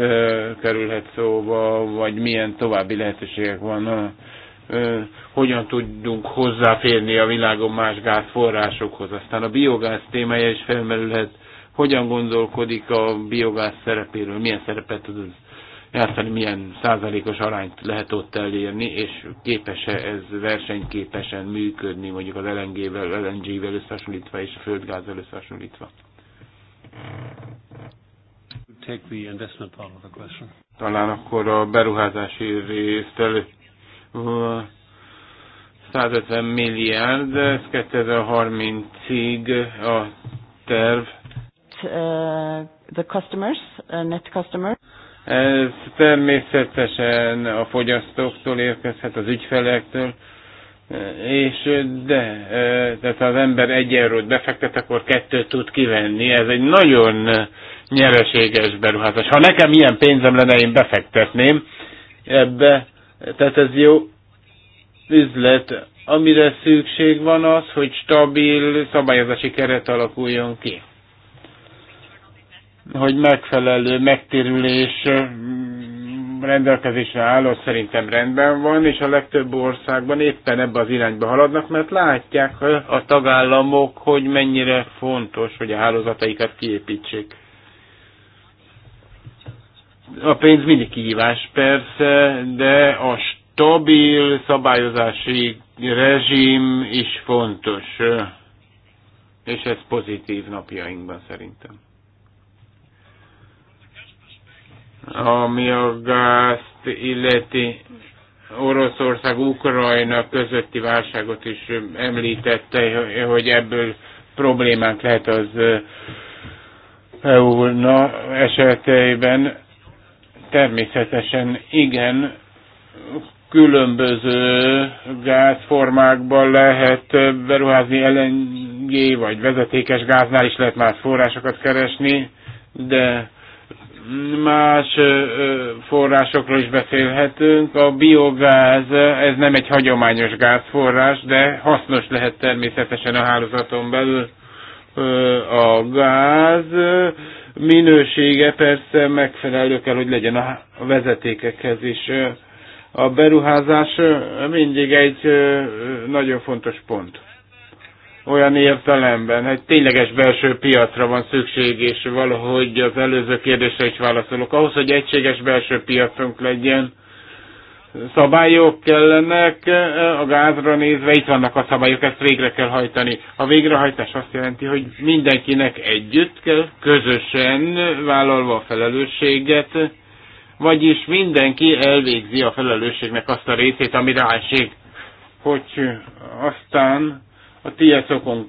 kerülhet szóba, vagy milyen további lehetőségek vannak hogyan tudunk hozzáférni a világon más gázforrásokhoz. Aztán a biogáz témája is felmerülhet, hogyan gondolkodik a biogáz szerepéről, milyen szerepet tud játszani, milyen százalékos arányt lehet ott elérni, és képes-e ez versenyképesen működni, mondjuk az LNG-vel, LNG-vel összehasonlítva és a földgázzal összehasonlítva take the investment part of the question. Talán akkor a beruházási részt elő. 150 uh, milliárd, ez 2030-ig a terv. Uh, the customers, uh, net customers. Ez természetesen a fogyasztóktól érkezhet, az ügyfelektől és de, tehát ha az ember egy eurót befektet, akkor kettőt tud kivenni. Ez egy nagyon nyereséges beruházás. Ha nekem ilyen pénzem lenne, én befektetném ebbe. Tehát ez jó üzlet. Amire szükség van az, hogy stabil szabályozási keret alakuljon ki. Hogy megfelelő megtérülés rendelkezésre álló szerintem rendben van, és a legtöbb országban éppen ebbe az irányba haladnak, mert látják a tagállamok, hogy mennyire fontos, hogy a hálózataikat kiépítsék. A pénz mindig kihívás persze, de a stabil szabályozási rezsim is fontos, és ez pozitív napjainkban szerintem. ami a gázt illeti Oroszország-Ukrajna közötti válságot is említette, hogy ebből problémánk lehet az EU esetében. Természetesen igen, különböző gázformákban lehet beruházni LNG, vagy vezetékes gáznál is lehet más forrásokat keresni, de más forrásokról is beszélhetünk. A biogáz, ez nem egy hagyományos gázforrás, de hasznos lehet természetesen a hálózaton belül a gáz. Minősége persze megfelelő kell, hogy legyen a vezetékekhez is. A beruházás mindig egy nagyon fontos pont olyan értelemben, hogy tényleges belső piacra van szükség, és valahogy az előző kérdésre is válaszolok. Ahhoz, hogy egységes belső piacunk legyen, szabályok kellenek, a gázra nézve itt vannak a szabályok, ezt végre kell hajtani. A végrehajtás azt jelenti, hogy mindenkinek együtt kell, közösen vállalva a felelősséget, vagyis mindenki elvégzi a felelősségnek azt a részét, ami ráség. Hogy aztán a TIASZokon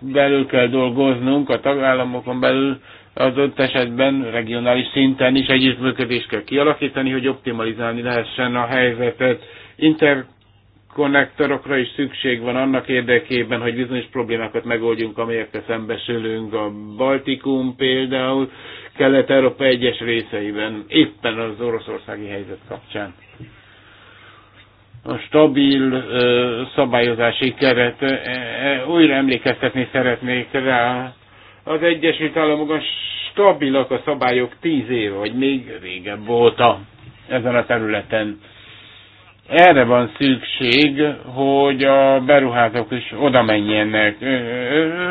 belül kell dolgoznunk, a tagállamokon belül ott esetben regionális szinten is együttműködést kell kialakítani, hogy optimalizálni lehessen a helyzetet. Interkonnektorokra is szükség van annak érdekében, hogy bizonyos problémákat megoldjunk, amelyekkel szembesülünk. A Baltikum például Kelet-Európa egyes részeiben, éppen az oroszországi helyzet kapcsán a stabil ö, szabályozási keret. Ö, e, e, újra emlékeztetni szeretnék rá. Az Egyesült Államokban stabilak a szabályok tíz év, vagy még régebb óta ezen a területen. Erre van szükség, hogy a beruházók is oda menjenek.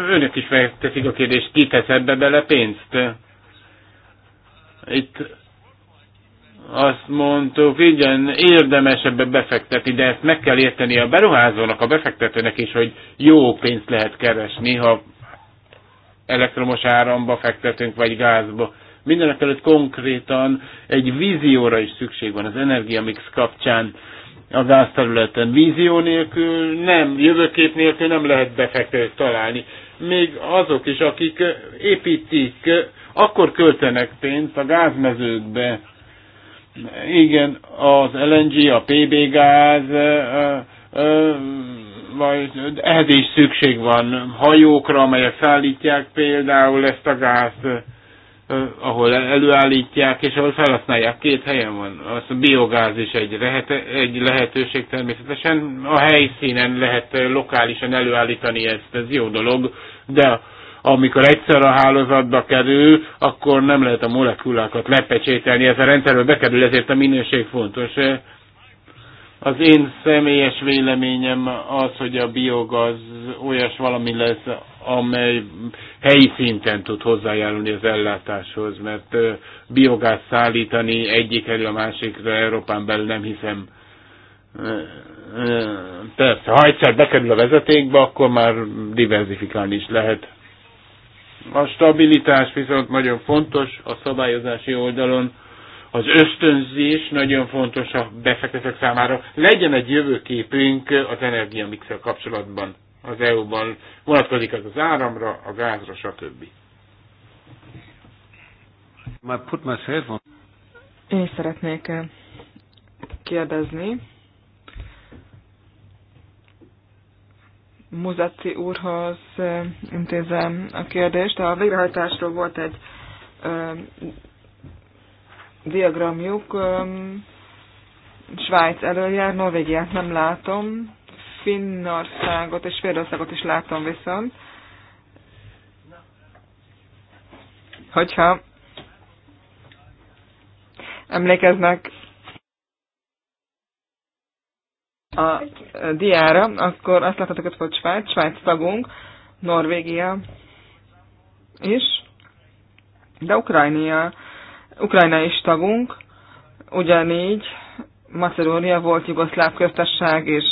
Önök is felteszik a kérdést, ki tesz ebbe bele pénzt? Itt azt mondtuk, igen, érdemes ebbe befektetni, de ezt meg kell érteni a beruházónak, a befektetőnek is, hogy jó pénzt lehet keresni, ha elektromos áramba fektetünk, vagy gázba. Mindenek előtt konkrétan egy vízióra is szükség van az energiamix kapcsán a gázterületen. Vízió nélkül nem, jövőkép nélkül nem lehet befektetőt találni. Még azok is, akik építik, akkor költenek pénzt a gázmezőkbe, igen, az LNG, a PB gáz, vagy ehhez is szükség van hajókra, amelyek szállítják például ezt a gázt, ahol előállítják, és ahol felhasználják. Két helyen van. a biogáz is egy, lehet, egy lehetőség természetesen. A helyszínen lehet lokálisan előállítani ezt, ez jó dolog, de amikor egyszer a hálózatba kerül, akkor nem lehet a molekulákat lepecsételni, ez a rendszerbe bekerül, ezért a minőség fontos. Az én személyes véleményem az, hogy a biogaz olyas valami lesz, amely helyi szinten tud hozzájárulni az ellátáshoz, mert biogáz szállítani egyik elő a másikra Európán belül nem hiszem. Persze, ha egyszer bekerül a vezetékbe, akkor már diversifikálni is lehet. A stabilitás viszont nagyon fontos a szabályozási oldalon, az ösztönzés nagyon fontos a befektetők számára. Legyen egy jövőképünk az energiamixel kapcsolatban az EU-ban. Vonatkozik az az áramra, a gázra, stb. Én szeretnék kérdezni Muzaci úrhoz intézem a kérdést. A végrehajtásról volt egy ö, diagramjuk. Ö, Svájc előjár, Norvégiát nem látom, Finnországot és Svédországot is látom viszont. Hogyha emlékeznek a diára, akkor azt láthatok, hogy Svájc, Svájc tagunk, Norvégia is, de Ukrajnia, Ukrajna is tagunk, ugyanígy Macedónia volt Jugoszláv köztesség és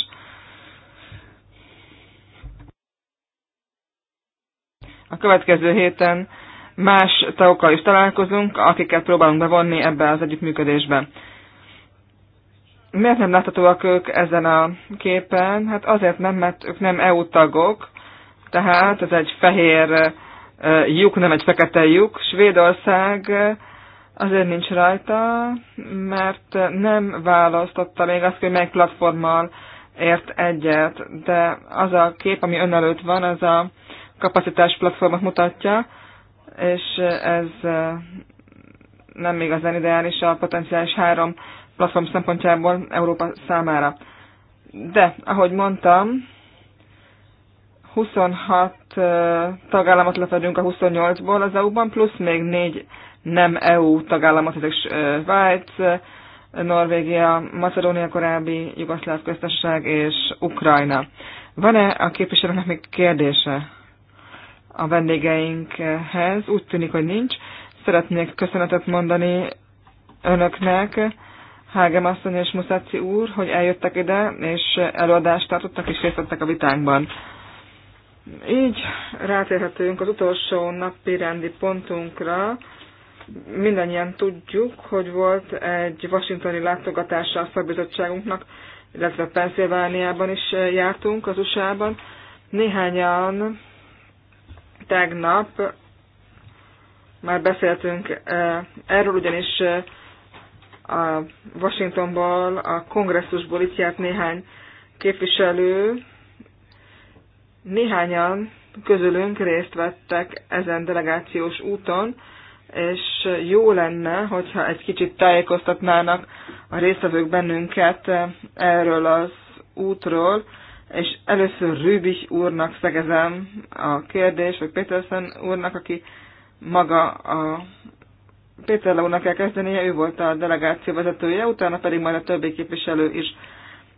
A következő héten más tagokkal is találkozunk, akiket próbálunk bevonni ebbe az együttműködésbe miért nem láthatóak ők ezen a képen? Hát azért nem, mert ők nem EU tagok, tehát ez egy fehér lyuk, nem egy fekete lyuk. Svédország azért nincs rajta, mert nem választotta még azt, hogy melyik platformmal ért egyet, de az a kép, ami ön előtt van, az a kapacitás platformot mutatja, és ez nem igazán ideális a potenciális három platform szempontjából Európa számára. De, ahogy mondtam, 26 tagállamot lefedünk a 28-ból az EU-ban, plusz még 4 nem EU tagállamot, ezek Svájc, Norvégia, Macedónia korábbi Jugoszláv köztesség és Ukrajna. Van-e a képviselőnek még kérdése a vendégeinkhez? Úgy tűnik, hogy nincs. Szeretnék köszönetet mondani önöknek Hágem asszony és Muszáci úr, hogy eljöttek ide, és előadást tartottak, és részt vettek a vitánkban. Így rátérhetünk az utolsó napi rendi pontunkra. Mindannyian tudjuk, hogy volt egy washingtoni látogatása a szakbizottságunknak, illetve Pennsylvániában is jártunk, az USA-ban. Néhányan tegnap már beszéltünk eh, erről, ugyanis eh, a Washingtonból, a kongresszusból itt járt néhány képviselő, néhányan közülünk részt vettek ezen delegációs úton, és jó lenne, hogyha egy kicsit tájékoztatnának a résztvevők bennünket erről az útról, és először Rübich úrnak szegezem a kérdést, vagy Peterson úrnak, aki maga a Péter Leónak kell kezdenie, ő volt a delegáció vezetője, utána pedig majd a többi képviselő is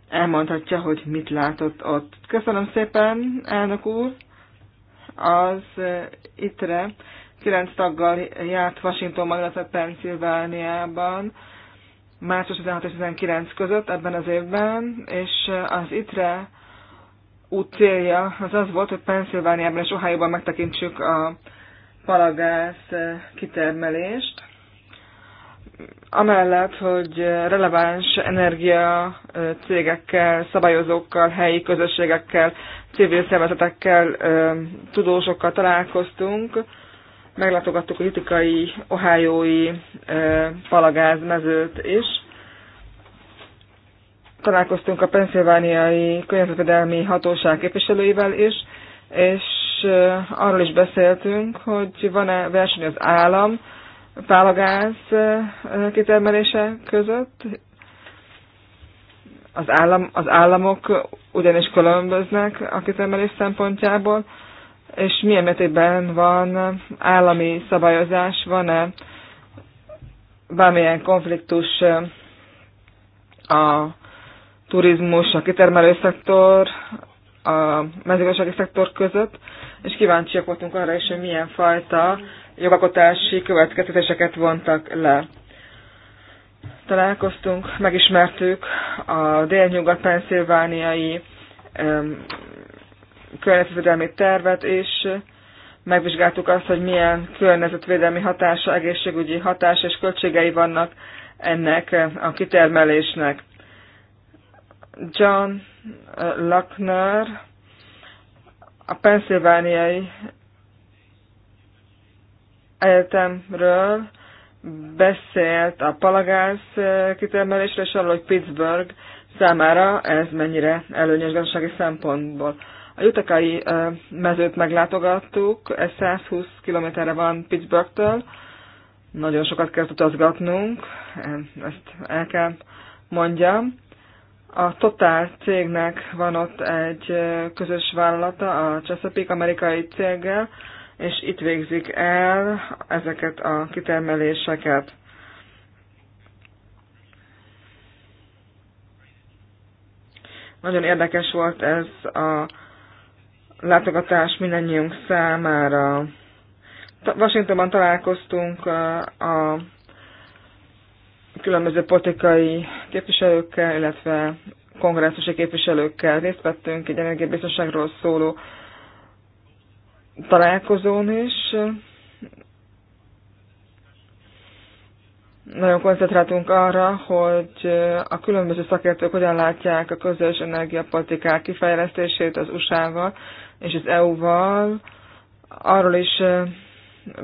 elmondhatja, hogy mit látott ott. Köszönöm szépen, elnök úr! Az eh, ITRE kilenc taggal járt Washingtonban, illetve Pennsylvániában március 16 és 19 között ebben az évben, és eh, az ITRE út célja az az volt, hogy Pennsylvániában és Ohio-ban megtekintsük a palagász eh, kitermelést amellett, hogy releváns energia cégekkel, szabályozókkal, helyi közösségekkel, civil szervezetekkel, tudósokkal találkoztunk, meglátogattuk a jutikai, ohájói palagázmezőt is. Találkoztunk a penszilvániai környezetvédelmi hatóság képviselőivel is, és arról is beszéltünk, hogy van-e verseny az állam, pálagáz kitermelése között. Az, állam, az államok ugyanis különböznek a kitermelés szempontjából, és milyen mértékben van állami szabályozás, van-e bármilyen konfliktus a turizmus, a kitermelő szektor, a mezőgazdasági szektor között, és kíváncsiak voltunk arra is, hogy milyen fajta jogakotási következtetéseket vontak le. Találkoztunk, megismertük a délnyugat pennsylvániai környezetvédelmi tervet, és megvizsgáltuk azt, hogy milyen környezetvédelmi hatása, egészségügyi hatása és költségei vannak ennek a kitermelésnek. John Lackner, a pennsylvániai egyetemről beszélt a palagáz eh, kitermelésre, és arról, hogy Pittsburgh számára ez mennyire előnyös gazdasági szempontból. A jutakai eh, mezőt meglátogattuk, ez 120 kilométerre van Pittsburghtől, nagyon sokat kell utazgatnunk, ezt el kell mondjam. A Total cégnek van ott egy eh, közös vállalata, a Chesapeake amerikai céggel, és itt végzik el ezeket a kitermeléseket. Nagyon érdekes volt ez a látogatás mindannyiunk számára. Washingtonban találkoztunk a különböző politikai képviselőkkel, illetve kongresszusi képviselőkkel részt vettünk egy energiabiztonságról szóló találkozón is. Nagyon koncentráltunk arra, hogy a különböző szakértők hogyan látják a közös energiapolitikák kifejlesztését az USA-val és az EU-val. Arról is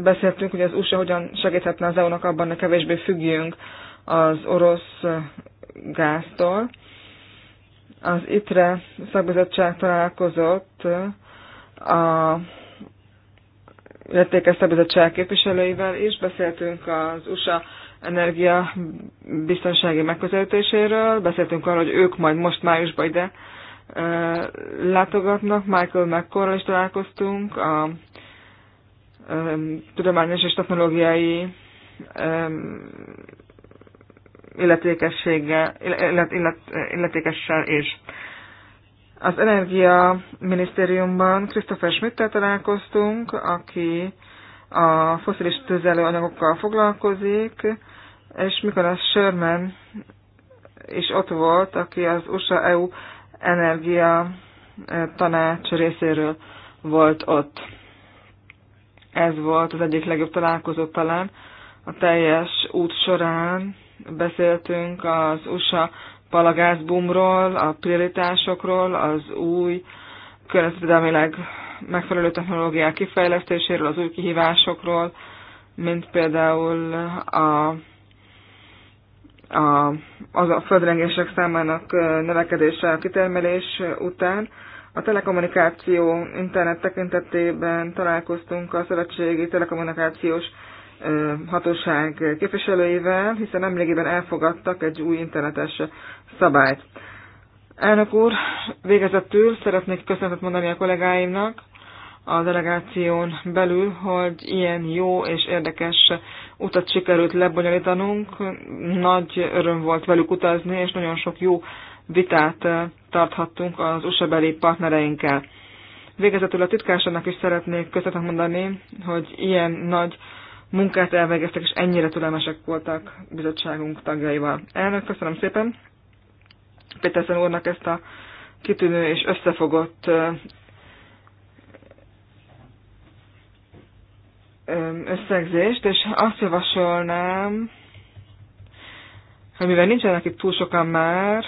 beszéltünk, hogy az USA hogyan segíthetne az EU-nak abban, hogy kevésbé függjünk az orosz gáztól. Az ITRE szakbizottság találkozott a illetékes bizottság képviselőivel is, beszéltünk az USA energia biztonsági megközelítéséről, beszéltünk arról, hogy ők majd most májusban ide látogatnak, Michael mccorral is találkoztunk, a tudományos és technológiai illetékességgel, illet, illet, illetékessel és az Energia Minisztériumban Christopher Schmidt-tel találkoztunk, aki a foszilis tüzelőanyagokkal foglalkozik, és mikor az Sherman is ott volt, aki az USA-EU energia e, tanács részéről volt ott. Ez volt az egyik legjobb találkozó talán. A teljes út során beszéltünk az USA a a prioritásokról, az új környezetvédelmileg megfelelő technológiák kifejlesztéséről, az új kihívásokról, mint például a a, az a földrengések számának növekedése a kitermelés után. A telekommunikáció internet tekintetében találkoztunk a Szövetségi Telekommunikációs hatóság képviselőivel, hiszen nemrégiben elfogadtak egy új internetes szabályt. Elnök úr, végezetül szeretnék köszönetet mondani a kollégáimnak a delegáción belül, hogy ilyen jó és érdekes utat sikerült lebonyolítanunk. Nagy öröm volt velük utazni, és nagyon sok jó vitát tarthattunk az USA partnereinkkel. Végezetül a titkársának is szeretnék köszönetet mondani, hogy ilyen nagy munkát elvégeztek, és ennyire türelmesek voltak bizottságunk tagjaival. Elnök, köszönöm szépen Péterszen úrnak ezt a kitűnő és összefogott összegzést, és azt javasolnám, hogy mivel nincsenek itt túl sokan már,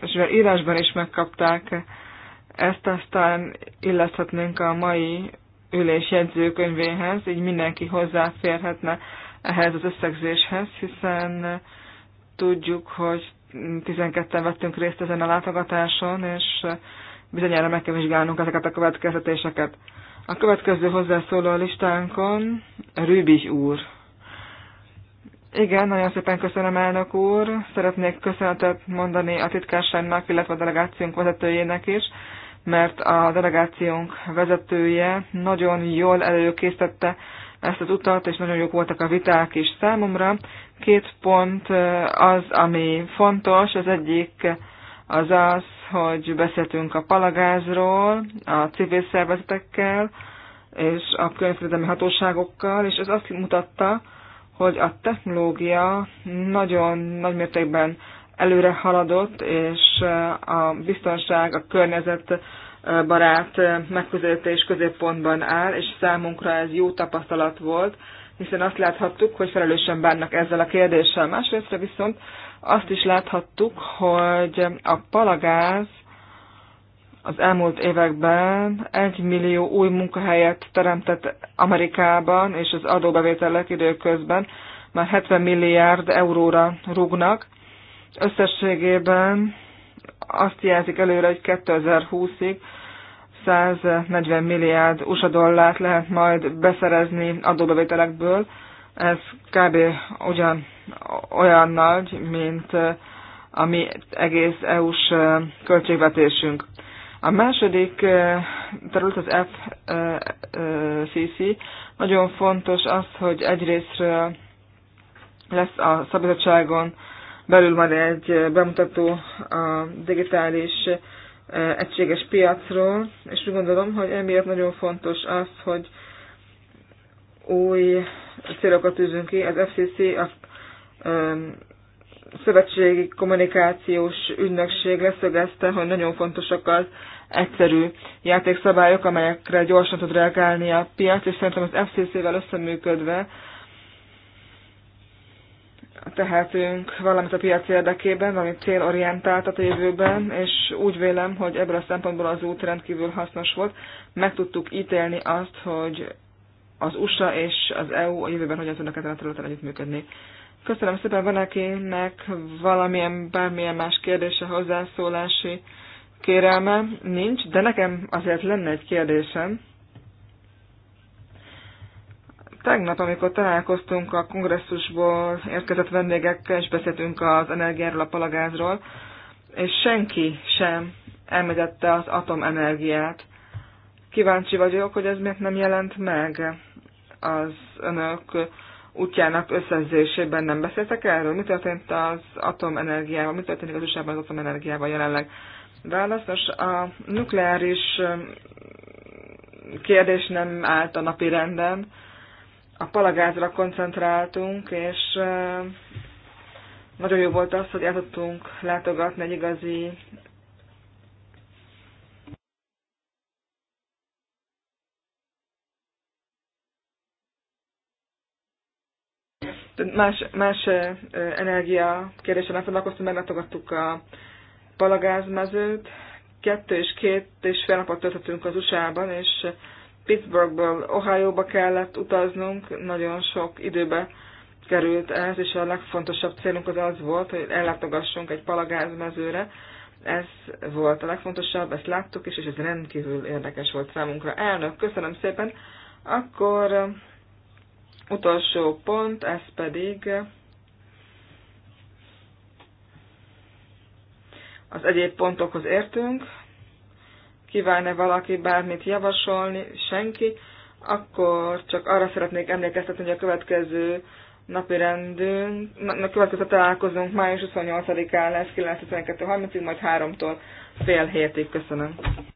és mivel írásban is megkapták ezt, aztán illethetnénk a mai ülés jegyzőkönyvéhez, így mindenki hozzáférhetne ehhez az összegzéshez, hiszen tudjuk, hogy 12-en vettünk részt ezen a látogatáson, és bizonyára meg kell vizsgálnunk ezeket a következtetéseket. A következő hozzászóló a listánkon Rübi úr. Igen, nagyon szépen köszönöm, elnök úr. Szeretnék köszönetet mondani a titkárságnak, illetve a delegációnk vezetőjének is mert a delegációnk vezetője nagyon jól előkészítette ezt az utat, és nagyon jók voltak a viták is számomra. Két pont az, ami fontos, az egyik az az, hogy beszéltünk a palagázról, a civil szervezetekkel, és a környezetvédelmi hatóságokkal, és ez azt mutatta, hogy a technológia nagyon nagy mértékben előre haladott, és eh, a biztonság, a környezet eh, barát eh, megközelítés középpontban áll, és számunkra ez jó tapasztalat volt, hiszen azt láthattuk, hogy felelősen bánnak ezzel a kérdéssel. másrészt viszont azt is láthattuk, hogy a palagáz az elmúlt években egy millió új munkahelyet teremtett Amerikában, és az adóbevételek időközben már 70 milliárd euróra rúgnak, Összességében azt jelzik előre, hogy 2020-ig 140 milliárd USA dollárt lehet majd beszerezni adóbevételekből. Ez kb. ugyan olyan nagy, mint a mi egész EU-s költségvetésünk. A második terület az FCC. Nagyon fontos az, hogy egyrészt lesz a szabadságon belül van egy bemutató a digitális eh, egységes piacról, és úgy gondolom, hogy emiatt nagyon fontos az, hogy új célokat tűzünk ki. Az FCC, a Szövetségi Kommunikációs Ügynökség leszögezte, hogy nagyon fontosak az egyszerű játékszabályok, amelyekre gyorsan tud reagálni a piac, és szerintem az FCC-vel összeműködve tehetünk valamit a piac érdekében, valamit célorientáltat a jövőben, és úgy vélem, hogy ebből a szempontból az út rendkívül hasznos volt. Meg tudtuk ítélni azt, hogy az USA és az EU a jövőben hogyan tudnak ezen a területen együttműködni. Köszönöm szépen, van akinek valamilyen, bármilyen más kérdése, hozzászólási kérelme nincs, de nekem azért lenne egy kérdésem. Tegnap, amikor találkoztunk a kongresszusból érkezett vendégekkel, és beszéltünk az energiáról, a palagázról, és senki sem említette az atomenergiát. Kíváncsi vagyok, hogy ez miért nem jelent meg az önök útjának összezésében nem beszéltek erről? Mi történt az atomenergiával? Mi történik az usa az atomenergiával jelenleg? Válasz, nos, a nukleáris kérdés nem állt a napi renden a palagázra koncentráltunk, és nagyon jó volt az, hogy el tudtunk látogatni egy igazi más, más energia kérdésen nem foglalkoztunk, meglátogattuk a palagázmezőt, kettő és két és fél napot töltöttünk az USA-ban, és Pittsburghből Ohioba kellett utaznunk, nagyon sok időbe került ez, és a legfontosabb célunk az az volt, hogy ellátogassunk egy palagázmezőre. Ez volt a legfontosabb, ezt láttuk is, és ez rendkívül érdekes volt számunkra. Elnök, köszönöm szépen. Akkor um, utolsó pont, ez pedig az egyéb pontokhoz értünk kíván-e valaki bármit javasolni, senki, akkor csak arra szeretnék emlékeztetni, hogy a következő napi rendünk, a következő találkozunk május 28-án lesz 9.12.30-ig, majd 3-tól fél hétig. Köszönöm.